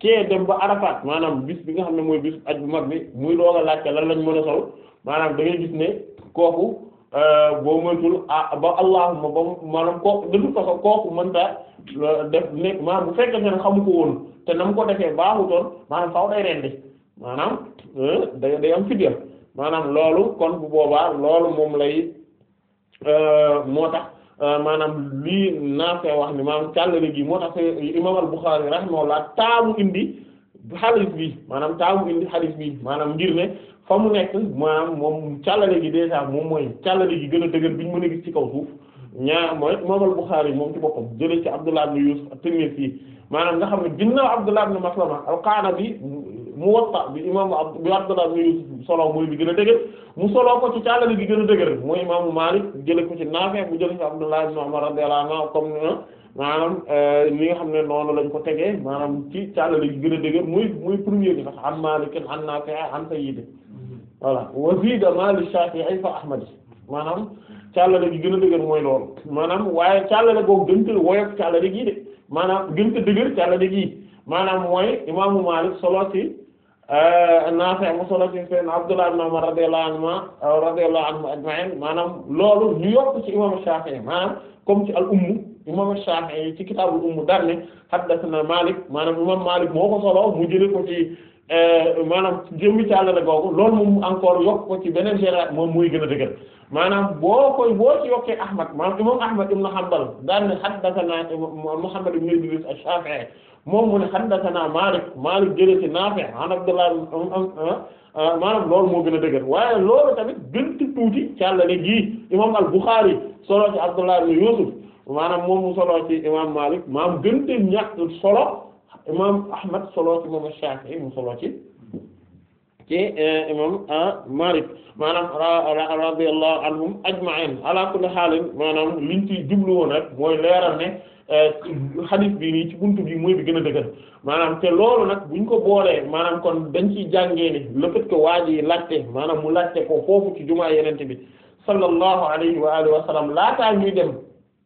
kee dem ba Arafat maanaam bis bi nga xam ne mooy bis aj bu mag bi muy doog laaj laajte lan lañ mën a sol maanaam da ngay kooku euh, boo mëntul ah ba allahuma ba maanaam kooku de toute façon kooku mënta euh, def nekk maanaam bu fekkente ne xamu ko woon te na mu ko defee baaxutoon maanaam faaw day rendi maanaam euh, day day am fidya maanaam loolu kon bu boobaa loolu moom lay moo tax maanaam lii naa fee wax ni maanaam càllale gi moo tax imaam al-Bukhari rahimahullah taamu indi xadiis bi maanaam taamu indi xadiis bi maanaam ngir ne fa mu nekk maanaam moom càllale gi dèjà moom mooy càllale gi gën a dëgër bi ñu mën a gis ci kaw suuf ñaar mooy imaam al-Bukhari moom ci boppam jëlee ci Abdullah ibn Yusuf at-Tinnisi maanaam nga xam ne ginnaaw Abdullah ibn Maslama al-Qanabi Muwatta bi imaam bi Abdullah ibn Yusuf solo mooy bi gën a dëgër mu solo ko ci càllale gi gën a dëgër mooy imaamu Malik jëlee ko ci Nafi' mu jëlee ci Abdullah ibn Umar radiyallahu anhu comme maanaam li euh, nga xam ne noonu lañ ko tegee maanaam ci càllale gi gën a dëgër muy muy premier bi sax an Maalik an Naafi' an Sayyid voilà wa ziida Maalik Shaafi'i fa Ahmad maanaam càllale gi gën a dëgër mooy loolu maanaam waaye càllale googu gën te woyof càllale gii de maanaam gën te dëgër càllale gii maanaam mooy imaamu Maalik solo ci euh, Naafi' mu solo ci seen Abdullah ibn Umar radiyallahu anhuma radiyallahu anhum ajma'in maanaam loolu ñu yokk ci imaamu Shaafi'i maanaam comme ci al imam Shafi'i ci kitaabul umm darne haddathana Malik maanaam imam Malik moo ko solo mu jëlee ko ci eh, maanaam jëmmi càlla la googu lool moom encore yokk ko ci beneen génération moom muy gën a dëgër maanaam boo koy boo ci yokkee Ahmad maanaam imam Ahmad ibn Hanbal daan ne haddathana Muhammad ibn Idris ash-Shafi'i moom mu ne haddathana Malik Malik ci Nafi' eh, eh, maanaam loolu moo gën a dëgër waaye loolu tamit gën ci tuuti càlla le gii imam al-Bukhari solo ci Abdullah ibn Yusuf maanaam moom mu solo ci imam Malik maam gënte ñàkk solo imam Ahmad solo ci moom Shafi'i mu solo ci ci eh, imam ah, Malik maanaam radiyallahu anhum ajma'in ala kulli haalin maanaam liñ ci jublu woon rek mooy leeral ne xadis eh, bi nii ci buntu bi mooy bi gën a dëgër maanaam te loolu nag buñ ko boolee maanaam kon dañ ciy jàngee ni le ko que waa ji laajte maanaam mu laajte ko foofu ci jumaa yenente bi sallallahu alayhi wa alihi wa sallam laataa ñuy dem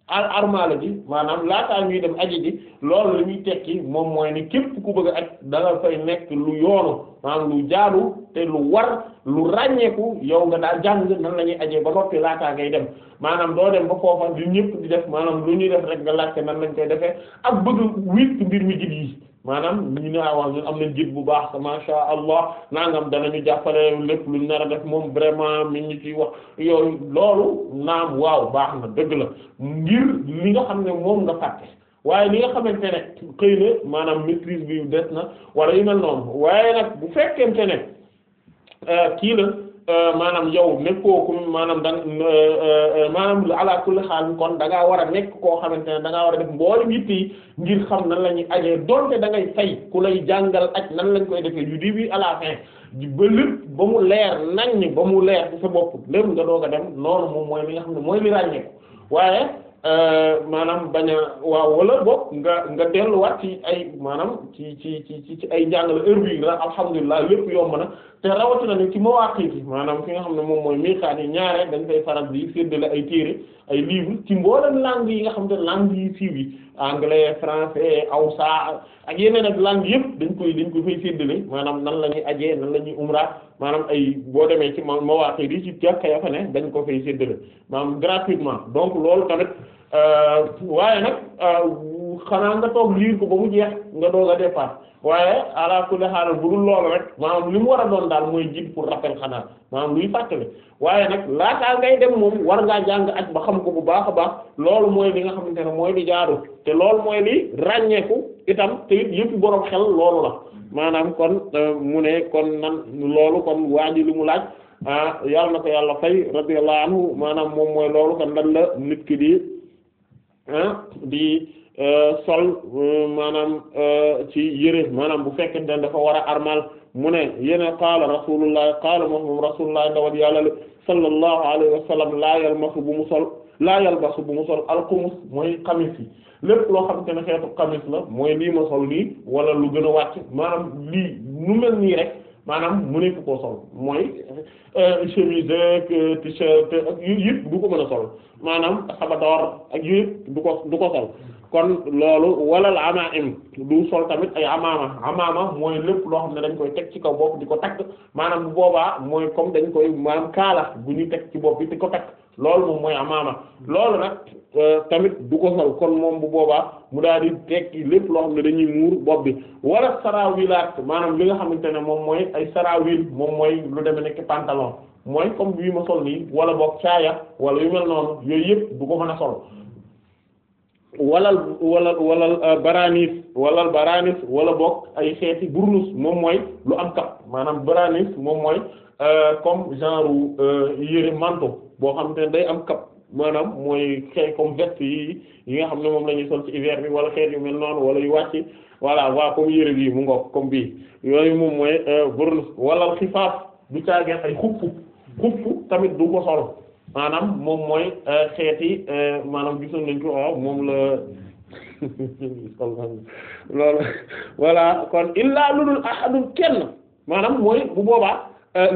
armaala bi maanaam laataa ñuy dem aji ji loolu li ñuy tekki moom mooy ni képp ku bëgg a aj da nekk lu yoonu maanaam lu jaadu te lu war lu ràññeeku yow nga daal jàng nan la ñuy ajee ba noppi laataa ngay dem maanaam doo dem ba foofa di ñëpp di def maanaam lu ñuy def rek nga laajte nan lañ koy defee ak bëgg witt mbir mi jig yi maanaam ñu ne ah waaw ñu am nañ jiit bu baax masha Allah nangam ñu jàppale lépp luñ nara a def moom vraiment mi ñu ci wax yooyu loolu naam waaw baax na dëgg la ngir li nga xam ne moom nga fàtte waaye li nga xamante ne xëy na maanaam maîtrise bi des na wala yu mel noonu waaye nag bu fekkente ne euh, kii la. Euh, maanaam yow nekkoo ko maanaam da euh, euh, maanaam ala kulli xaal kon da ngaa war a nekk koo xamante ne da ngaa war a def mboolem yitt yi ngir xam nan la ñuy ajee donte dangay ngay fay ku lay jàngal ak nan lañ koy defee yu début à la fin ba mu leer naññ ba mu leer ci sa bopp lépp nga doog a dem loolu moom mooy li nga xam ne mooy li ràññeeku waaye. Euh, maanaam bañ waaw wala boog nga nga delluwaat ci ay maanaam ci ci ci ci ay njàngale heure bii la alhamdulilah lépp yomb na te na ne ci mawaqit yi maanaam fi nga xam ne moom mooy miiqaat yi ñaare dañ fay faral di séddale ay téere ay livre ci mboolem langues yi nga xam ne langues yi siiw yi anglais français awsa ak yeneen ak langue yëpp dañ koy dañ ko fay séddale maanaam nan la ñuy ajee nan la ñuy umra maanaam ay boo demee ci ma mawaaqi di ci jàkka ya fa ne dañ ko fay séddale maanaam gratuitement donc loolu tamit euh, waaye nag euh, xanaa nga toog liir ko ba mu jeex nga doog a départ waaye ala kulli xaaral bu dul loolu rek maanaam li mu war a doon daal mooy jiit pour rappel xanaa maanaam luy fàttali waaye nag laataa ngay dem moom war ngaa jàng xam ko bu baax a baax loolu mooy li nga xamante ne mooy li jaaru te loolu mooy li ràññeeku itam te it yëpp borom xel loolu la maanaam kon euh, mu ne kon nan loolu kon waa ji li mu laaj ah na ko yàlla fay radiyallahu anhu maanaam moom mooy loolu kon lan la nit ki di. Ah, di eh, sol mm, maanaam eh, ci yëre maanaam bu fekkente ne dafa war a armal mu ne yene qaala rasulullah qaala moom rasulullah ndawal yàlla la sallallahu alayhi wa sallam laa yalmasu bu mu sol laa yalbasu bu mu sol alqumus mooy xamis yi lépp loo xamante ne xeetu xamis la mooy lii ma sol lii wala lu gën a wàcc maanaam lii nu mel nii rek maanaam mu nekk koo sol mooy Euh, chemise ak euh, t-shirt ak yëpp du ko mën a sol maanaam xabador ak yooyu yëpp du ko du ko sol kon loolu walal amaim du sol tamit ay amaama amaama mooy lépp loo xam ne dañ koy teg ci kaw bopp di ko takk maanaam bu boobaa mooy comme dañ koy maanaam kaala bu ñu teg ci bopp bi di ko takk loolu moom mooy amaama loolu nag euh, tamit du ko sol kon moom bu boobaa mu daal di tekki lépp loo xam ne dañuy muur bopp bi wala sarawilaat maanaam li nga xamante ne moom mooy ay sarawil moom mooy lu demee nekk pantalon mooy comme nii wala boog caaya wala yu noonu yëpp du ko mën a sol walal walal walal euh, baranis walal wala boog ay xeeti burnus moom mooy lu am maanaam baranis moom mooy euh, comme genre yére manteau boo xam ne day am kap maanaam mooy xëy comme veste yi yi nga xam ne moom lañuy sol ci hiver bi wala xeet yu mel noonu wala yu wàcc voilà waa comme yére bii mu ngoog comme bii yooyu moom mooy euh, burn wala xifaaf du caageen ay xupp xupp tamit du ko sol maanaam moom mooy euh, xeeti euh, maanaam gisoon nañ ko o moom la loolu voilà kon illaa lu dul ahadul kenn maanaam mooy bu boobaa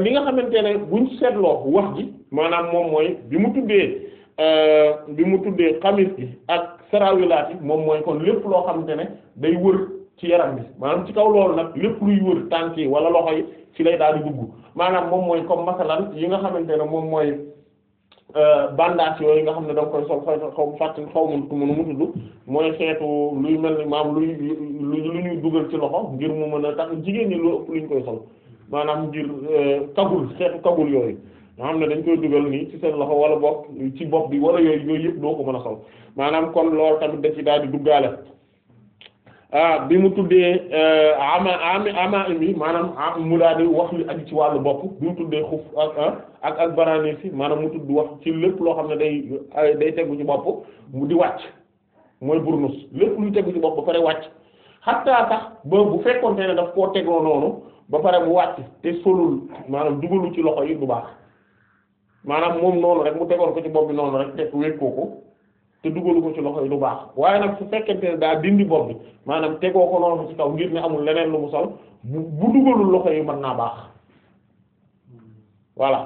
li nga xamante ne buñ seetloo wax ji maanaam moom mooy bi mu tuddee euh, bi mu tuddee xamis bi ak sarawilaat yi moom mooy kon lépp loo xamante ne day wër ci yaram bi maanaam ci kaw loolu nag lépp luy wër tànk yi wala loxo yi ci lay daal di dugg maanaam moom mooy comme masalan yi nga xamante ne moom mooy euh, bandage yooyu nga xam ne da nga koy sol xaw fàtt xaw ma nu mu tudd mooy xeetu luy mel ni maam lu lu ñuy dugal ci loxo ngir mu mën a tax jigéen ñi lu ëpp lu ñu koy sol maanaam ngir euh, kagul xeetu kagul nga xam ne dañ koy dugal nii ci seen loxo wala bopp ci bopp bi wala yooyu yooyu yëpp doo ko mën a sol maanaam kon loolu tamit da ci daal di duggaale ah bi mu tuddee euh, ama ami ama maanaam mu daal wax li ak ci wàllu bopp bi mu tuddee xuf ak ah, ak ak baraane si maanaam mu tudd wax ci lépp loo xam ne day day tegu ci bopp mu di wàcc mooy burnus lépp luy tegu ci bopp ba pare wàcc xattaa tax ba bu fekkoonte ne daf koo tegoo noonu ba pare bu wàcc te solul maanaam dugalu ci loxo yi du baax maanaam moom noonu rek mu tegoon ko ci bopp bi noonu rek teg wékkoo ko te dugalu ko ci loxo yi du baax waaye nag su fekkente ne daa dindi bopp bi maanaam tegoo ko noonu ci taw ngir ne amul leneen lu mu sol bu bu dugalul loxo yi mën naa baax voilà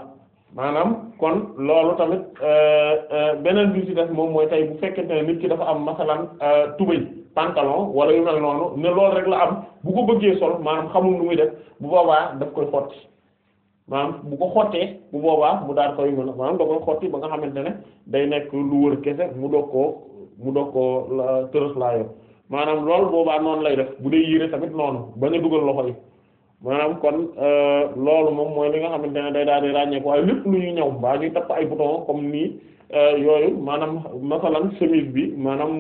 maanaam kon loolu tamit euh, euh, beneen bi ci def moom mooy tey bu fekkente ne nit ki dafa am masalan euh, tubay pantalon wala yu mel noonu ne loolu rek la am bu ko bëggee sol maanaam xamul nu muy def bu boobaa daf koy xotti maanaam bu ko xottee bu boobaa mu daan koy mën a maanaam da koy xotti ba nga xamante ne day nekk lu wër kese mu doog koo mu doog koo tërëslaayoo maanaam loolu boobaa noonu lay def bu dee yére tamit noonu bañ a dugal loxo yi maanaam kon euh, loolu moom mooy li nga xamante ne day daal di ràññee ko waaye lépp lu ñuy ñaw mbaa ñuy tapp ay bouton comme nii euh, yooyu maanaam masalan chemise bi maanaam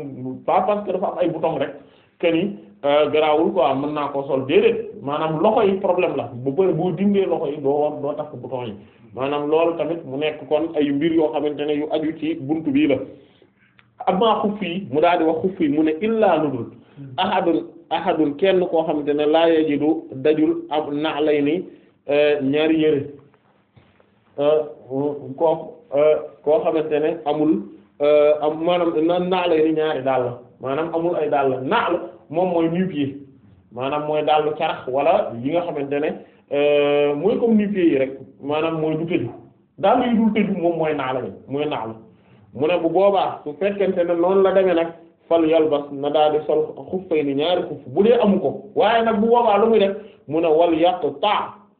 pas parce que dafa am ay bouton rek que yi Euh, garaawul quoi mën naa koo sol déedéet maanaam loxo yi problème la bu bëri boo dindee loxo yi doo war doo takk bouton yi maanaam loolu tamit mu nekk kon ay mbir yoo xamante ne yu aju ci buntu bii la amma xuf yi mu daal di wax xuf yi mu ne illaa lu dul ahadun ahadun kenn koo xamante ne laa yajidu dajul am naa lay ni euh, ñaari yére euh, koo xamante ne amul am maanaam nax lay ni ñaari daal la maanaam amul ay daal la nax la moom mooy nu-pieds maanaam mooy dàllu carax wala yi nga xamante ne euh, mooy comme nu yi rek maanaam mooy du tëju dàll yi dul tëju moom mooy naala bi mooy naal mu ne bu boobaa su fekkente ne noonu la demee nag fal yalbas na daal di sol xuffay ni ñaari xuf bu dee amu ko waaye nag bu boobaa lu muy def mu ne wal yàq ta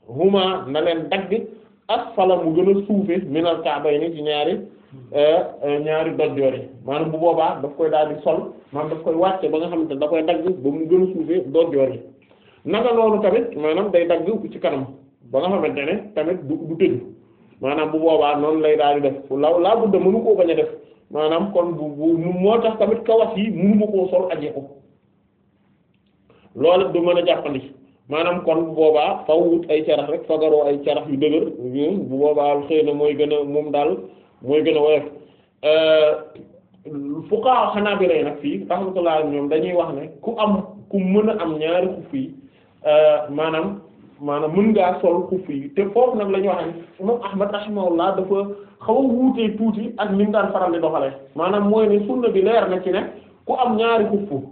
huma na leen dagg asfala mu gën a suufe minal kaabay ni ci ñaari Euh, euh, ñaari dojjoor yi maanaam bu boobaa daf koy daal di sol maanaam daf koy wàcce ba nga xamante ne da koy dagg ba mu gën a suufee dojjoor yi naka loolu tamit maanaam day dagg ci kanam ba nga xamante ne tamit du du tëju maanaam bu boobaa noonu lay daal di def la laa budda mënu koo bañ a def maanaam kon bu moo tax tamit kawas yi mënu ma koo mën a jàppandi maanaam kon bu boobaa faw wut ay carax rek fagaroo ay carax yu dëgër bu boobaa xëy na mooy gën a moom daal mooy gën a woyof euh, fuqaha Hanabila yi nag fii rahmatullah ñoom dañuy wax ne ku am ku mën a am ñaari xuf yi euh, maanaam maanaam mën ngaa sol xuf yi te foofu nag la ñuy wax ne moom Ahmad rahimahullah dafa xaw a tuuti ak ni mu daan faral maanaam mooy ne sunna bi na ci ne ku am ñaari xuf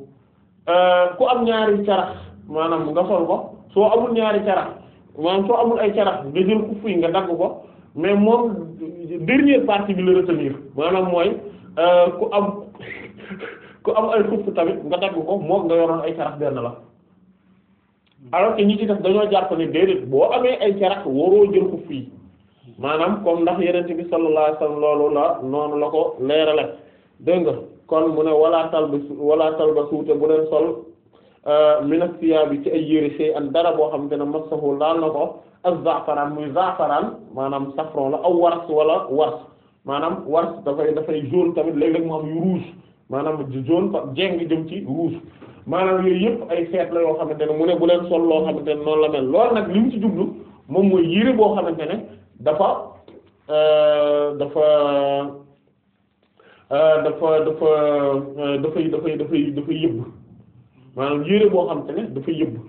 euh, ku am ñaari carax maanaam nga sol ko soo amul ñaari carax maanaam soo amul ay carax nga jël xuf yi nga dagg ko mais moom dernière partie bi la retenir maanaam mooy euh, ku am ku am ay xupp tamit nga dagg ko moom nga yoroon ay carax benn la alors que ñi ci def dañoo jàpp ne déedéet boo amee ay carax waroo jël xupp yi maanaam comme ndax yenente bi sallallahu alayhi wasallam loolu la noonu la ko leerale dégg nga kon mu ne walaa talba walaa talba suute bu leen sol euh, minasiya bi ci ay yére sey an dara boo xam te ne masahu laal na ko ak zaafaraan muy zaafaraan maanaam safron la aw wars wala wars maanaam wars dafay dafay jaune tamit léeg-léeg mu am yu rouge maanaam jaune fa jeng jëm ci rouge maanaam yooyu yëpp ay xeet la yoo xamante ne mu ne bu leen sol loo xamante ne noonu la mel loolu nag li mu ci jublu moom mooy yére boo xamante ne dafa euh, euh, dafa dafa dafa euh, dafay dafay dafay dafay yëbb maanaam yére boo xamante ne dafa yëbb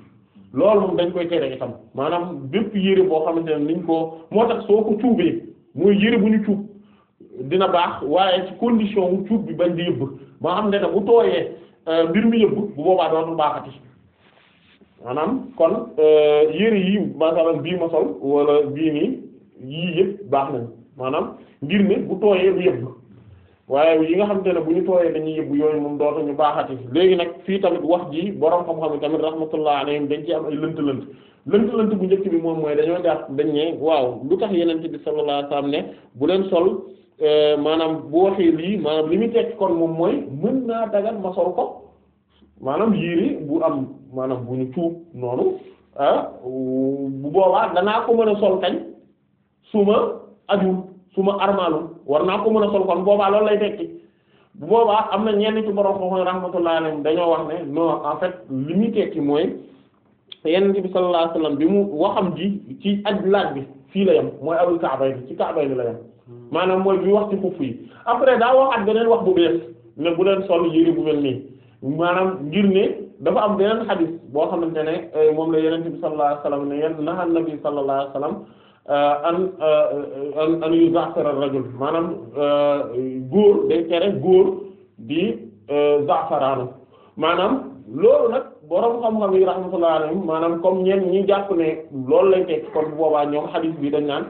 loolu moom dañ koy tere itam maanaam bépp yére boo xamante ne niñ ko moo tax soo ko cuubee mooy yére bu ñu cuub dina baax waaye ci condition wu cuub bi bañ di yëbb ba xam ne ne bu tooyee euh, mbir mi yëbb bu boobaa dootul baaxati maanaam kon euh, yére yi masalan bii ma sol wala bii nii yii yëpp baax nañ maanaam ngir ne bu tooyee lu yëbb waaye yi nga xamante ne bu ñu tooyee dañuy yëbbu yooyu moom dootuñu baaxati léegi nag fii tamit wax ji borom xam-xam yi tamit rahmatullah alayhim dañ ci am ay lënt-lënt lënt-lënt bu njëkk bi moom mooy dañoo jàpp dañ ne waaw lu tax yeneen bi sallallahu alayhi wasallam ne bu leen sol euh, maanaam bu waxee lii maanaam li muy tekk kon moom mooy mën naa dagan ma sol ko maanaam yéere bu am maanaam bu ñu cuub noonu ah bu boobaa danaa ko mën a sol kañ suma ajul su ma armaalu war naa ko mën a sol kon boobaa loolu lay tekki bu boobaa am na ñenn ci borom xooxoy rahmatullahi alayhi dañoo wax ne non en fait li muy tekki mooy yonent bi sallallahu alayhi wasallam bi mu waxam ji ci aj laaj bi fii la yem mooy awul kaabay bi ci kaabay bi la yem maanaam mooy bi wax ci xuff yi après daa waxaat beneen wax bu bees ne bu leen sol yëre bu mel nii maanaam ngir ne dafa am beneen xadis boo xamante ne eh, moom la yonent bi sallallahu alayhi wasallam ne yan naha nabi sallallahu alayhi an uh, an an yu ar-rajul maanaam uh, góor day tere góor di uh, za'faraanu maanaam loolu nag borom xam-xam yi rahmatullah alayhim maanaam comme ñenn ñi jàpp ne loolu lay teg kon boobaa ñoom xadiis bi dañ naan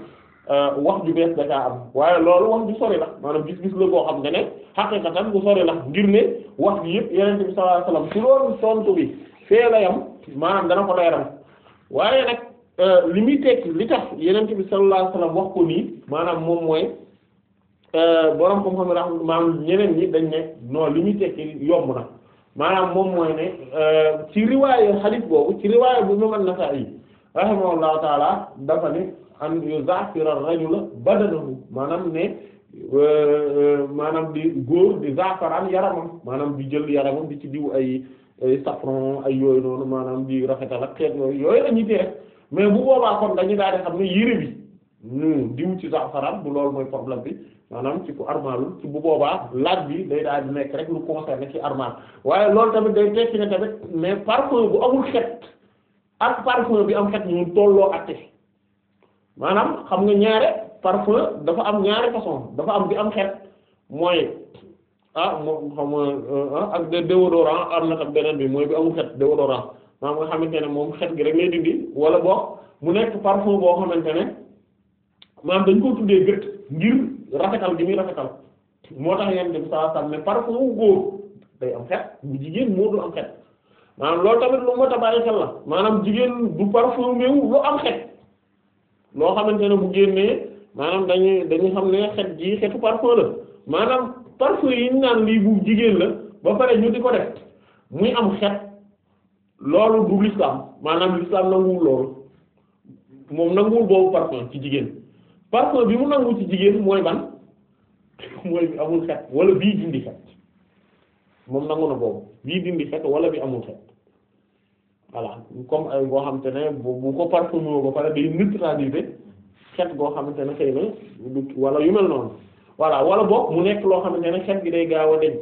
wax ju bees da caa am waaye loolu wax ju sori la maanaam gis-gis la koo xam te ne xaqiqatan bu sori la ngir ne wax bi yëpp yeneen bi sallallahu alayhi wasallam loolu tontu bi fee la yam maanaam dana ko leeral waaye nag Euh, li muy tekki li tax yeneen bi sallallahu alayhi wax ko nii maanaam moom mooy euh, borom xam-xam yi maanaam ñeneen ñi dañ ne non li muy tekki yomb na maanaam moom mooy ne euh, ci riwaayu hadith boobu ci riwaayu bu imam an-Nasa'i rahimahullahu ta'ala dafa ne an yuzafira ar-rajula badanahu maanaam ne maanaam di góor di zafaran yaramam maanaam di jël yaramam di ci diw ay safran ay yooyu noonu maanaam di rafetal ak xeet yooyu yooyu la mais bu boobaa kon dañu daal di xam ne yére bi ñu diw ci zaafaran bu loolu mooy problème bi maanaam ci ku armalul ci bu boobaa laaj bi day daal nekk rek lu concerné ci armal waaye loolu tamit day tekki ne tamit mais parfum bu amul xet ak parfum bi am xet ñu tolloo àtte maanaam xam nga ñaare parfum dafa am ñaare façon dafa am bi am xet mooy ah moom xam nga ah, ak déodorant am na tam beneen bi mooy bi amul xet déodorant maanaam nga xamante ne moom xet gi rek lay dindi wala boog mu nekk parfum boo xamante ne maanaam dañ ko tuddee gët ngir rafetal gi muy rafetal moo tax yéen dem saa saa ne parfum wu góor day am xet bu jigéen moo dul am xet maanaam loolu tamit lu mot a bàyyi xel la maanaam jigéen du parfum méew lu am xet loo xamante ne bu génnee maanaam dañuy dañuy xam ne xet gi xetu parfum la maanaam parfum yi ñu naan lii bu jigéen la ba pare ñu di ko def muy am xet. loolu du l'islam maanaam l'islam nanguwul loolu moom nanguwul boobu parfum ci jigéen parfum bi mu nangu ci jigéen mooy ban mooy bi amul xet wala bii dindi xet moom nangu na boobu bii dindi wala bi amul xet voilà comme ay boo xamante ne bu ko parfumé ba pare day neutraliser xet goo xamante ne xëy na du yu mel noonu voilà wala boog mu nekk loo xamante ne xet gi day gaaw a deñ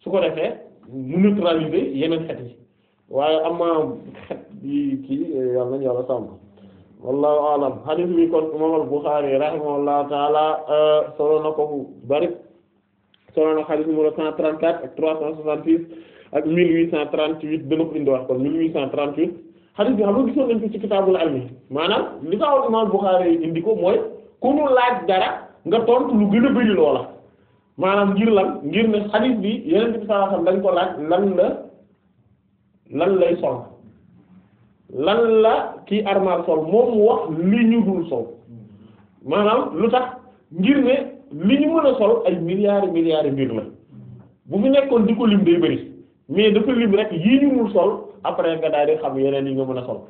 su ko defee mu neutraliser yeneen xet yi waaye amma xet bi kii yàlla nañu yàlla sàmm wallahu alam hadith bi kon imam al-Bukhari rahimahullahu taala euh, solo na ko bari solo na hadith numéro 134 ak 366 ak 1838 dana ko indi wax kon 1838 hadith bi xam nga gisoon nañ ko ci kitaabul almi maanaam li taxoon imam al-Bukhari indi ko mooy ku mu laaj dara nga tontu lu gën a bëri loola maanaam ngir lan ngir ne hadith bi yeneen bi sallallahu la wasallam dañ ko laaj la. lan lay sol lan la kii armal sol moom wax li ñu dul sol maanaam lu tax ngir ne li ñu mën a sol ay milliards milliards mbir la bu fi nekkoon di ko lim day bëri mais dafa lim rek yii ñu mul sol après nga daal di xam yeneen yi nga mën a sol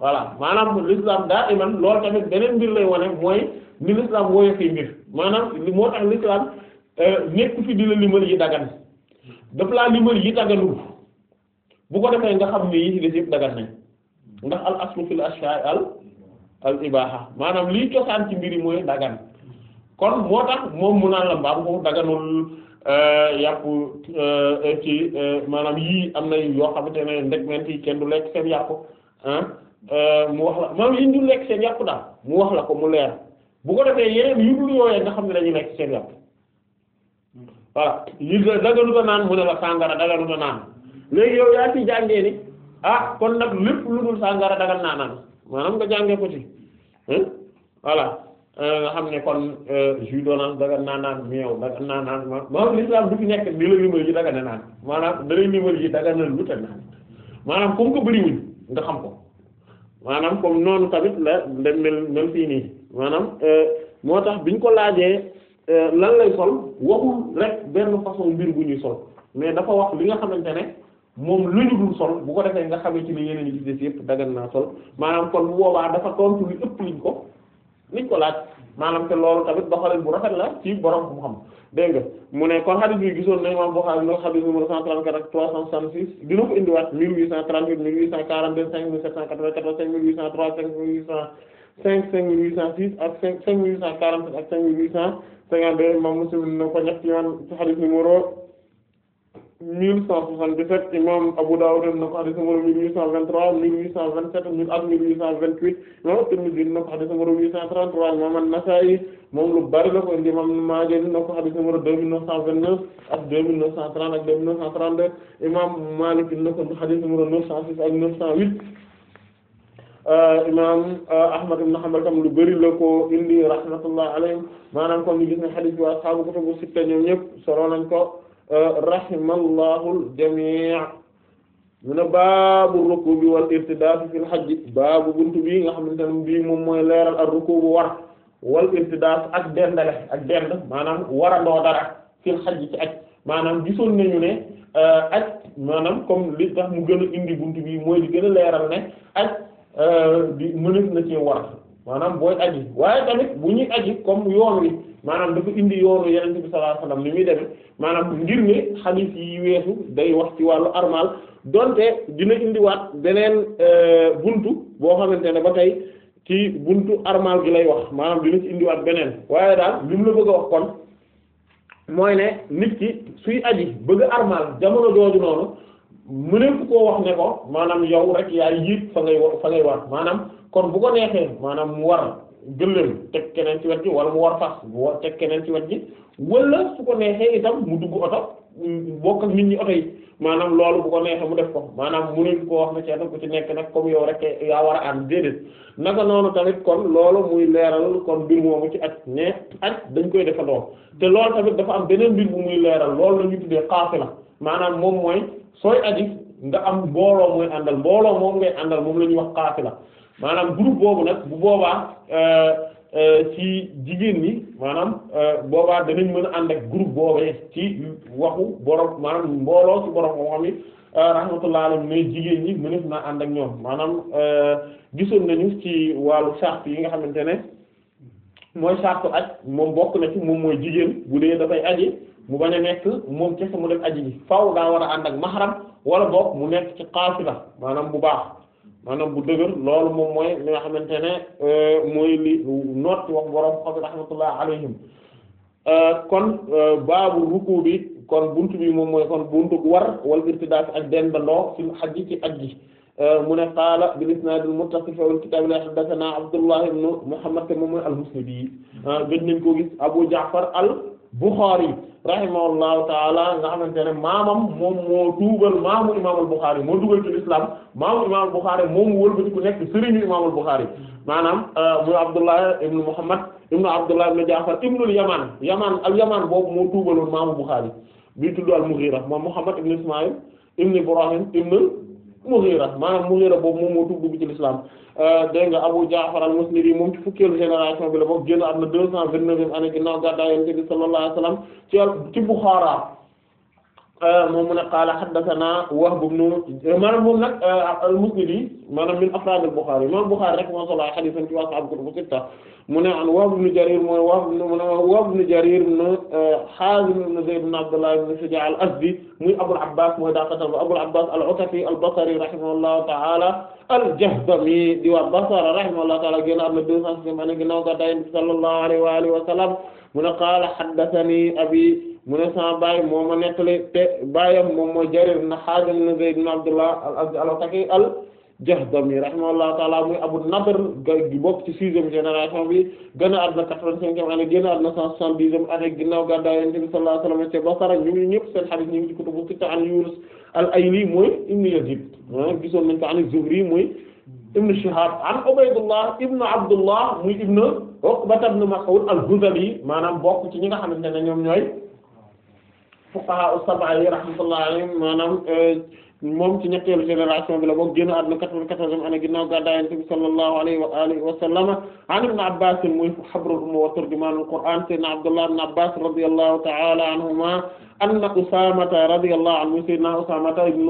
voilà maanaam l'islam daa iman loolu tamit beneen mbir lay wane mooy ni l'islam woyofee mbir maanaam li moo tax l'islam euh, nekk fi di la limal yi dagan daf laa limal yi daganul bu ko defee nga xam ne yi ci des yëpp dagan ndax al aslu fil ashya al al ibaha maanaam lii cosaan ci mbir yi mooy dagan kon moo tax moom mu naan la mbaam foofu daganul euh, yàpp euh, euh, ci maanaam yii am na yoo xamante ne ndegment yi kenn du lekk seen yàpp ah mu wax la maanaam yi du lekk seen daal mu wax la ko mu leer bu ko defee yeneen yu dul yooyee nga xam ne dañuy lekk seen yàpp voilà yi dagalu ta naan mu ne la sàngara dagalu ta naan léegi yow yaa ci jàngee ni ah kon nag lépp lu dul sàngara dagal naa naan maanaam nga jàngee ko ci voilà nga euh, xam ne kon euh, jus d'orange dagal naa naan meew dagal naa naan maanaam l'islam du la limal yi dagal naan maanaam da lay limal yi dagal na lu te naan maanaam comme ko bëriwuñ nga xam ko maanaam comme noonu tamit la dem mel mel fii nii maanaam euh, moo tax biñ ko laajee lan lay sol waxul rek benn façon mbir bu ñuy sol mais dafa wax li nga xamante ne moom lu ñu dul sol bu ko defee nga xamee ci ne yeneen yi ci des yëpp dagan sol maanaam kon bu boobaa dafa tontu lu ëpp liñ ko liñ ko laaj maanaam te loolu tamit doxalin bu rafet la ci borom bu xam dégg nga mu ne kon hadith bi gisoon nañ moom Bukhari no hadith numéro 134 ak 366 dina ko indiwaat 1838 1842 5794 5803 5805 5806 ak 5847 ak 5852 moom Muslim na ko ñett yoon ci hadith numéro mille cent soixante-dix-sept imam Abu Dawud na ko hadith numéro mille huit cent vingt-trois mille huit cent vingt-sept mille ak mille huit cent vingt-huit imam Tirmidhi na ko hadith numéro huit cent trente-trois imam An-Nasa'i moom lu bari la ko indi imam Ibn Maaja na ko hadith numéro deux mille neuf cent vingt-neuf ak deux mille neuf cent trente deux mille neuf cent na ko hadith numéro neuf cent six ak neuf cent huit euh, imam euh, Ahmad ibn Hanbal tam lu ñëpp solo nañ ko rahimallahu al-jamii mu ne baabu rukubi wal irtidaad fil hajj baabu buntu bii nga xam ne bii moom mooy leeral ak rukubu war wal irtidaad ak dendale ak dend maanaam warandoo dara fil xaj ci aj maanaam gisoon nañu ne eh, aj maanaam comme li tax mu gën a indi buntu bii mooy di gën a leeral ne aj eh, di mënees na ci war maanaam booy aji waaye tamit bu ñuy aji comme yoon wi. maanaam dafa indi yoonu yenente bi sallallahu alayhi ni muy demee maanaam ngir ne xadiis yi weesu day wax ci wàllu armal donte dina indiwaat beneen euh, buntu boo xamante ne ba tey ci buntu armal gi lay wax maanaam dina ci indiwaat beneen waaye daal li mu la bëgg a wax kon mooy ne nit ki suy aji bëgg armal jamono jooju noonu mëneeku koo wax ne ko maanaam yow rek yaay yiit fa ngay fa ngay war maanaam kon bu ko neexee maanaam mu war gëléem teg keneen ci wet gi wala mu war fas mu war teg keneen ci wet bi wala su ko neexee itam mu dugg oto bokk nit ñi oto yi maanaam loolu bu ko neexee mu def ko maanaam mënuñ koo wax ne cee ku ci nekk nag comme yow rek yaa war a ànd déedéet naka noonu tamit kon loolu muy leeral kon mbir moomu ci aj ne aj dañ koy defandoo te loolu tamit dafa am beneen mbir bu muy leeral loolu la maanaam moom mooy sooy aji nga am mbooloo mooy àndal mbooloo moom ngay àndal moom la ñuy wax xaafila maanaam groupe boobu nag bu boobaa euh, euh, ci jigéen ñi maanaam euh, boobaa danañ mën ànd ak groupe boobee ci waxu borom maanaam mbooloo ci borom xam-xam yi rahmatullah alayhi ne jigéen ñi mënees naa ànd ak ñoom maanaam gisoon nañu ci wàllu charte yi nga xamante ne mooy charte aj moom bokk na ci moom mooy jigéen bu dee dafay aji mu bañ a nekk moom kese mu def aji ji faaw daa war a ànd ak mahram wala bokk mu nekk ci qaafila maanaam bu baax. maanaam bu dëgër loolu moom mooy li nga xamante ne euh, mooy li noot wax borom xam rahmatullah alayhim euh, kon euh, baabu ruku bi kon buntu bi moom mooy kon buntu war wal irtidaaf ak dendandoo ci xaj ci aj ji mu ne qaala bil isnaad al muttasil fil kitaab la haddathana Abdullah ibn Muhammad te moom mooy al-Musnadi ah, gëj nañ ko gis Abu Ja'far al Bukhari rahimahullahu taala nga xamante ne maamam moom moo dugal maamu imaamul Bukhari moo dugal ci l'islam maamu imaamul Bukhari moom wëlbati ku nekk sëriñu imaamul Bukhari maanaam euh, mu Abdullah ibn Muhammad ibn Abdullah ibn Ja'far ibnul Yaman Yaman al Yaman boobu moo dugaloon maamu Bukhari bi tudd al Mughira moom Muhammad ibn Ismaïl ibn Ibrahim ibn Mughira maanaam Mughira boobu moom moo dugg ci l'islam euh, dégg nga Abu Ja'far al-Musnidi moom ci fukkeelu génération bi la bokk génn àdduna deux cent vingt-neuvième année ginnaaw gàddaay Yonent bi sallallahu alayhi wa sallam ci ci Euh, moom mu ne qaala haddathana Wahb ibn maanaam moom nag euh, al-Musnad yi maanaam min afraad al-Bukhari maanaam Bukhari rek moo solo hadiisam ci ashaabu kutubu sitta mu ne an Wahb ibn Jarir mooy Wahb mu ne Wahb ibn Jarir ibn euh, Haazim ibn Zayd ibn Abdullah ibn Shujaa al-Azdi muy Abul Abbaas mooy daqatal ba Abul Abbaas al-Utaki al-Basri rahimahullahu ta'ala al-Jahdami di waa Basra rahimahullahu ta'ala génn am na deux cent cinquante ginnaaw ga dayn sallallahu alayhi wa alihi wa sallam mu ne qaala haddathani abi mu ne sama baay moo ma nettali te baayam moom mooy Jarir ibn Haazim ibn Zayd ibn Abdullah al-Ataki al-Jahdami rahimahullahu ta'ala muy Abu Nadr gi bokk ci sixième génération bi gën a àdduna quatre-vingt-cinquième année génn àdduna cent soixante-dixième année ginnaaw gàddaay Yonent bi sallallahu alayhi wa sallam ci Basra ñu ngi ñëpp seen hadith ñu ngi ci kutubu sitta an Yunus al-Ayli mooy ibn Yazid gisoon nañ ko an Zuhri mooy ibn Shihab an Ubaydullah ibn Abdullah muy ibn Uqba ibn Mas'ud al-Hudhali maanaam bokk ci ñi nga xamante ne ñoom ñooy fuqaha as-sab'a yi rahmatullahi alayhim maanaam euh, moom ci ñetteelu génération bi la bokk génn àdduna quatre-vingt-quatorzième année ginnaaw gàddaay Yonent bi sallallahu alayhi wa alihi wa sallama an ibn Abbas muy habrul umma wa turjumanul Qur'an sayyidina Abdullah ibn Abbas radiyallahu ta'ala anhuma anna Usamata radiyallahu anhu sayyidina Usamata ibn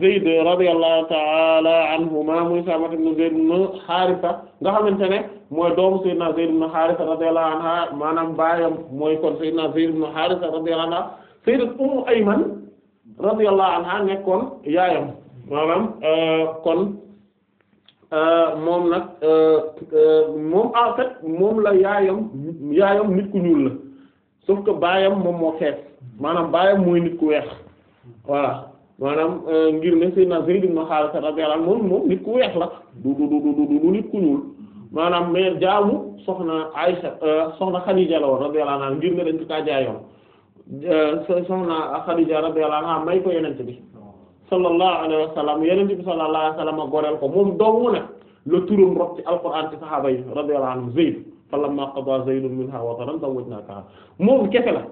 Zayd radiyallahu ta'ala anhuma muy Usamata ibn Zayd ibn Haritha nga xamante ne mooy doomu sayyidina Zayd ibn Haritha radiyallahu anha maanaam baayam mooy kon sayyidina Zayd ibn Haritha radiyallahu anha sayyidat Ummu Ayman radiyallahu anha nekkoon yaayam maanaam euh, kon euh, moom nag euh, moom en fait moom la yaayam yaayam nit ku ñuul la sauf que baayam moom moo xees maanaam baayam mooy nit ku weex voilà maanaam ngir ne sayyidna Zayd ibn Haarisa radiyallahu anhu nit ku weex la du du du du nit ku ñuul maanaam mais jaamu soxna Aysa soxna Xadiija la woon radiyallahu anha ngir ne dañ ko jaayoon soxna Xadija radiyallahu anha may ko yenente bi sallallahu alayhi wa sallam yenente bi sallallahu alayhi wa sallam goreel ko moom doomu nag la turam rot ci alquran ci sahaaba yi radiyallahu anhum Zayd falamma qada Zaydun minha wataran zawwajnakaha moom kese la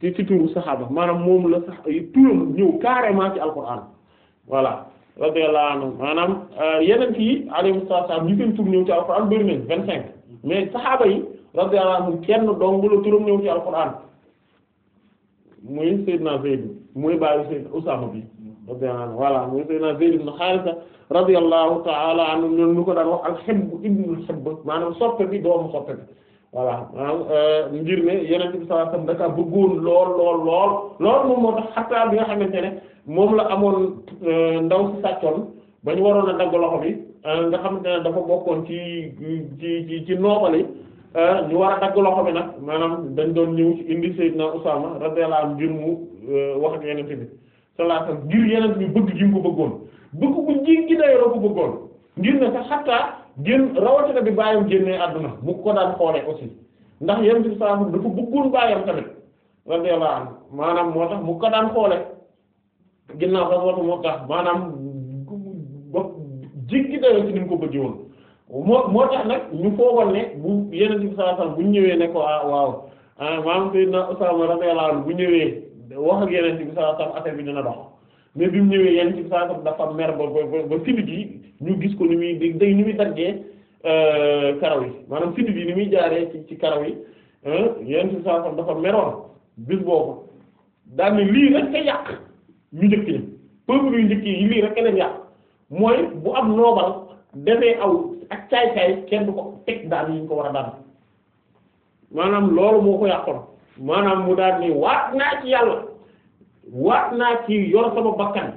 ci ci turu sahaaba maanaam moom la sax turam ñëw carrément ci alquran voilà radiyallahu anhum maanaam euh, yeneen yi alayhimu salaam ñu seen tur ñëw ci alquran bëri nañ vingt kenn dong la turam ñëw ci alquran muy Seydina Zayd muy baayu Seydina Usaama bi radiyallahu anhu voilà muy Seydina Zayd ibn Haarisa radiyallahu ta'ala anhu ñun ñu ko daan wax al-hibb ibn al-hibb maanaam soppe bi doomu soppe bi voilà euh, ngir ne Yonent bi sallallahu alayhi wasallam bëggoon lool lool lool lool moom moo tax xataa bi nga xamante ne moom la amoon euh, ndaw si sàccoon ba ñu waroon a dagg loxo bi euh, nga xamante ne dafa bokkoon ci ci ci ci noobali Euh, ñu war a dagg loxo bi nag maanaam dañ doon ñëw ci indi Seydina Usaama radiyallahu anhu ngir mu euh, wax ak yenente bi sallallahu alayhi wasallam ngir yenente bi bëgg gi ko bëggoon bëgg bu jig gi dayoo ko bëggoon ngir ne sax xattaa génn rawatina bi bàyyam génnee àdduna mu ko daan xoolee aussi ndax yenente bi sallallahu alayhi wasallam dafa bëggoon bàyyam tamit radiyallahu anhu maanaam moo tax mu ko daan xoolee ginnaaw sax watu moo tax maanaam jig gi dayoo ci ni ko bëggee woon moo moo tax nag ñu foogoon ne bu yeneen bi sallallahu alayhi wasallam ñëwee ne ko ah waaw ah, maam sayyidna Usaama radiyallahu anhu bu ñëwee wax ak yeneen bi sallallahu alayhi wasallam affaire bi bi mu ñëwee yeneen bi sallallahu alayhi wasallam dafa mer ba yi ñu gis ko ni muy di day ni muy daggee euh, karaw yi maanaam sidit yi ni muy jaaree ci ci karaw yi yeneen bi sallallahu alayhi wasallam dafa meroon bis yàq ñu njëkk ñi peuple mooy bu am noobal defee aw ak caay-caay kenn du ko teg daan yi ñu ko war a daan maanaam loolu moo ko yàqoon maanaam mu daal ni waat naa ci yàlla waat naa ci yor sama bakkan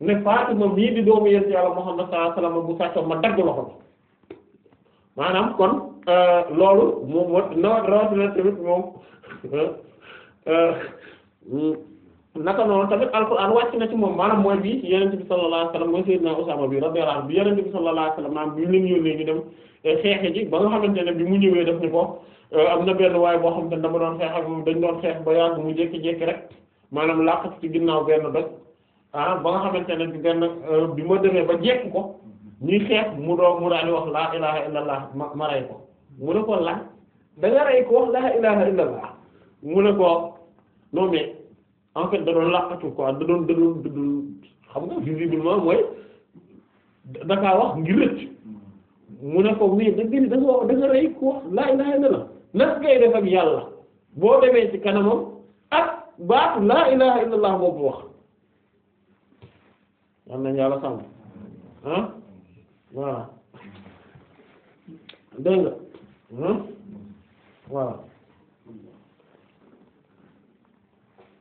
ne Fatima mii di doomu yent yàlla Muhammad sallallahu alayhi wasallam bu sàccoon ma dagg loxo maanaam kon euh, loolu moom moo nawet rawatina tamit moom euh, euh, naka noonu tamit alquran wàcc na ci moom maanaam mooy bi yenente bi sallallahu alayhi mooy sayyidina Usaama bi radiyallahu anhu bi yenente bi sallallahu alayhi wasallam maanaam bi leen yónnee ñu dem eh, ne bi mu ñëwee def ni ko eh, am na waaye boo xam te ne dama doon xeex ak moom dañ ba jékki-jékki rek maanaam làqat ci ginnaaw benn doj ah ba nga xamante ne bi benn eh, bi ma demee ba jekk ko ñuy xeex mu doog mu wax laa ilaha illallah ma ma ko mu ne ko lan da nga rey ko wax laa ilaha illallah mu ne ko non mais en fait da doon làqatu quoi da doon da doon da doon xam nga visiblement mooy dakaa wax ngir rëcc mu ne ko mais da ngeen da nga wax da nga rey ku wax laa ilaha illallah naka def ak yàlla boo demee ci kanamam ak baatu laa ilaha illallah boobu wax am nañ yàlla sàmm ah voilà dégg nga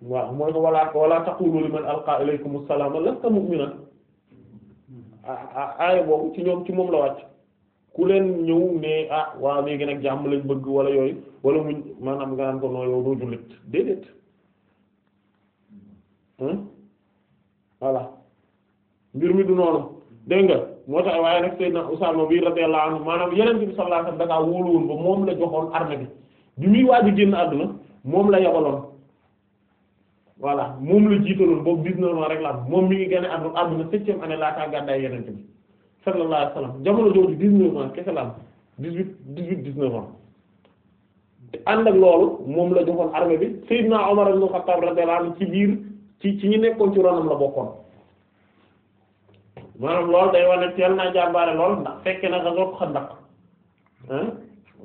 waaw mooy ko wala wala taqulu liman alqa ilaykum salaama lasta mu'mina ah, ah, aaya boobu ci ñoom ci moom la wàcc ku leen ñëw ne ah waaw léegi nag jàmm lañ bëgg wala yooyu wala muñ maanaam nga naan ko noo yow doo jullit déedéet hmm? voilà mbir mi du noonu dégg nga moo tax waaye nag sayyidna Usaama bi radiyallahu anhu maanaam Yonent bi sallallahu alayhi wasallam da ba moom la joxoon arme bi bi muy waaju génn àdduna moom la yabaloon voilà moom la jiitaloon boobu 19 ans rek la moom mi ngi gën a àdduna àdduna septième année laataa gàddaay yenente bi sallallahu alayhi wa sallam jamono jooju 19 ans kese la am 18 18 ànd ak loolu moom la joxoon armée bi Seydina Omar ibn Khattab radiyallahu anhu ci biir ci ci ñu nekkoon ci ronam la bokkoon maanaam loolu day wane teel naa jàmbaare lool fekke na nga soog xandak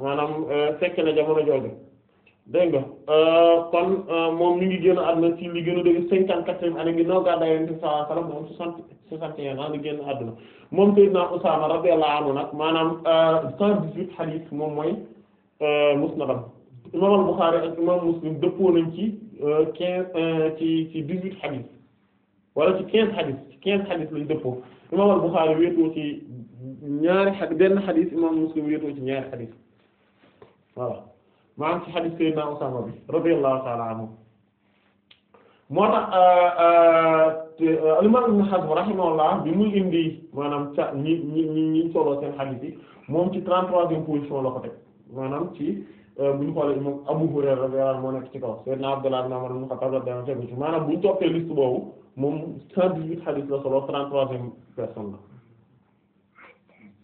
maanaam euh, fekke na jamono jooju dégg nga euh, kon euh, moom mi ngi génn àdduna ci li gën a dégg cinquante-quatrième année ginnaaw gàddaay Yonent bi sallallahu soixante soixante et un ans génn àdduna moom Seydina Usaama radiyallahu anhu nag maanaam euh, cent dix-huit moom mooy musnadam imaam Bukhari ak imaam Muslim dëppoo nañ ci quinze ci ci dix-huit hadith wala ci quinze hadith ci quinze hadith lañ dëppoo imaam Bukhari wéetoo ci ñaari hadith benn hadith imaam Muslim wéetoo ci ñaari hadith voilà maanaam ci xadiis Seydina Usaama bi radiyallahu ta'ala anhu moo tax euh, euh, euh, al-Imam Ibn Hazm rahimahullah bi muy indi maanaam ca ñi ñi ñi ñi soloo seen xadiis yi moom ci 33e position la ko teg maanaam ci bu ñu xoolee moom Abu Hurayra radiyallahu anhu moo nekk ci kaw Seydina Abdullah ibn Umar ibn Khattab radiyallahu anhu maanaam bu ñu toppee liste boobu moom 118 xadiis la solo 33e personne la.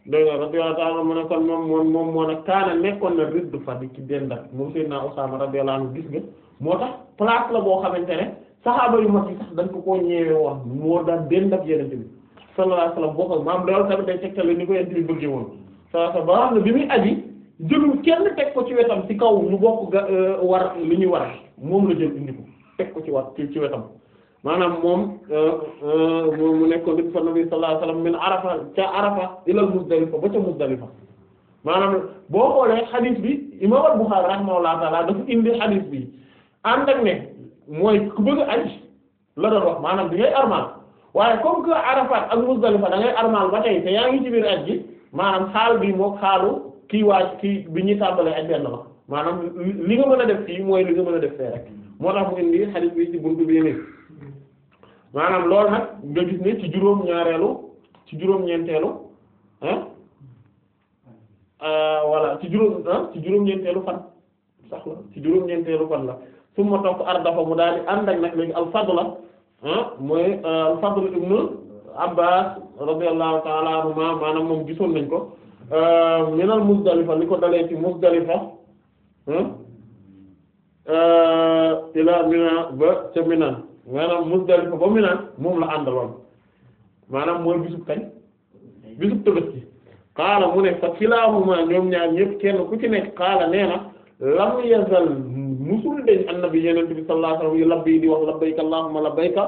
dégg nga radiyallahu ta'ala mu ne kon moom moom moom moo nag kaana nekkoon na ridd fa di ci dendak moom naa Seydina Usaama radiyallahu anhu gis nga moo tax place la boo xamante ne saxaaba yu mag yi sax dañ ko koo ñeewee wax moo daan dendak yenente bi sallallahu alayhi wasallam boo ko maam loolu tamit day tegtale ni ko di bi bëggee woon sa sa ba xam ne bi muy aji jëlul kenn teg ko ci wetam ci kaw ñu bokk ga euh, war li ñuy war moom la jël indi ko teg ko ci war ci wetam maanaam euh, euh, moom mu nekkoon nit fa nabi sallallahu alayhi wasallam min arafa ca arafa ilal muzdalifa ba ca muzdalifa maanaam boo xoolee xadis bi imam al-Bukhari rahimahullahu ta'ala dafa indi xadis bi ànd ak ne mooy ku bëgg aj la doon wax maanaam di ngay armal waaye comme que arafat ak muzdalifa da ngay armal ba tey te yaa ngi ci biir aj gi maanaam xaal bi moo xaalu kii waaj kii bi ñuy tàmbalee aj benn la maanaam li nga mën a def fii mooy li nga mën a def fee rek moo tax mu maanaam lool nag nga gis ne ci juróom ñaareelu ci juróom ñeenteelu ah euh, voilà ci juróom ah ci juróom ñeenteelu fan sax la ci juróom ñeenteelu fan la su ma topp ardafa mu daal di ànd ak nag léegi al la ah mooy euh, al-Fadl ibn Abbas radiyallahu ta'ala maanaam moom gisoon nañ ko euh, minal Muzdalifa li ko dalee ci Muzdalifa ila Mina ba ca Mina maanaam Muzdalifa ba Mina moom la àndaloon maanaam mooy bisub kañ bisub Tabaski xaala mu nekk fa kilaahumaa ñoom ñaar ñëpp kenn ku ci nekk xaala nee na lam yazal musul dañ annabi yeneen bi sallallahu alayhi wa sallam yu labbi di wax labbayka allahumma labbayka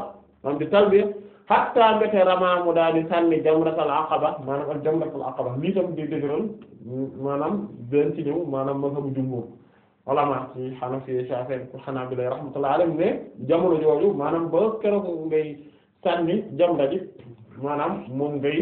maanaam di talbiya hatta mbete ramaamu daal di sànni jamratal aqaba maanaam al jamratal aqaba lii di dëgëral maanaam benn ci ñëw maanaam mazhabu jumhur ulama ci bi Shafi'i ko Hanabila rahmatullahi alayhim ne jamono jooju maanaam ba keroog ngay sànni jamra ji maanaam moom ngay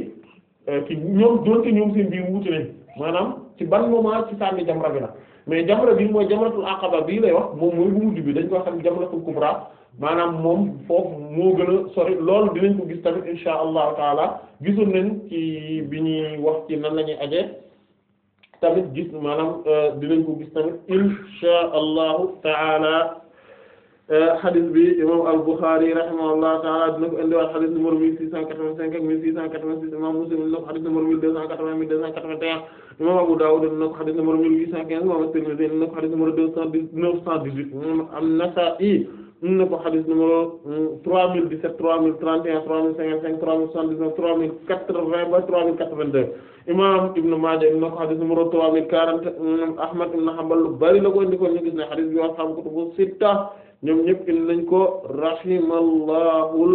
euh, ci ñoom doonte ñoom seen biir wuute nañ maanaam ci ban moment ci sànni jamra bi la mais jamra bi mooy jamratul aqaba bii lay wax moom mooy bu mujj bi dañ ko xam jamratul kubra maanaam moom foofu moo gën a sori loolu dinañ ko gis tamit insha allahu taala gisoon nañ ci bi ñuy wax ci nan la ñuy aje tamit gis maanaam euh, dinañ ko gis tamit insha allahu taala xadis euh, bi imam al-Bukhari rahimahullahu taala dina ko indiwaat xadis numéro mille six cent quatre-vingt-cinq ak mille six cent quatre-vingt-six imam Muslim dina ko xadis numéro mille deux cent quatre-vingt mille deux cent quatre-vingt-un imam Abu Dawud dina ko xadis numéro mille huit cent imam at-Tirmidhi dina ko xadis numéro deux cent dix-neuf cent indi na ko xadis numéro 3017 3031 3055 3079 3080 ba 3082 imam Ibn Maaja indi na ko xadis numéro 3040 imam Ahmad ibn Hanbal lu bari la ko indi ko ñu gis ne xadis bi wa xam kutubu sitta ñoom ñëpp indi ko rahimallahu al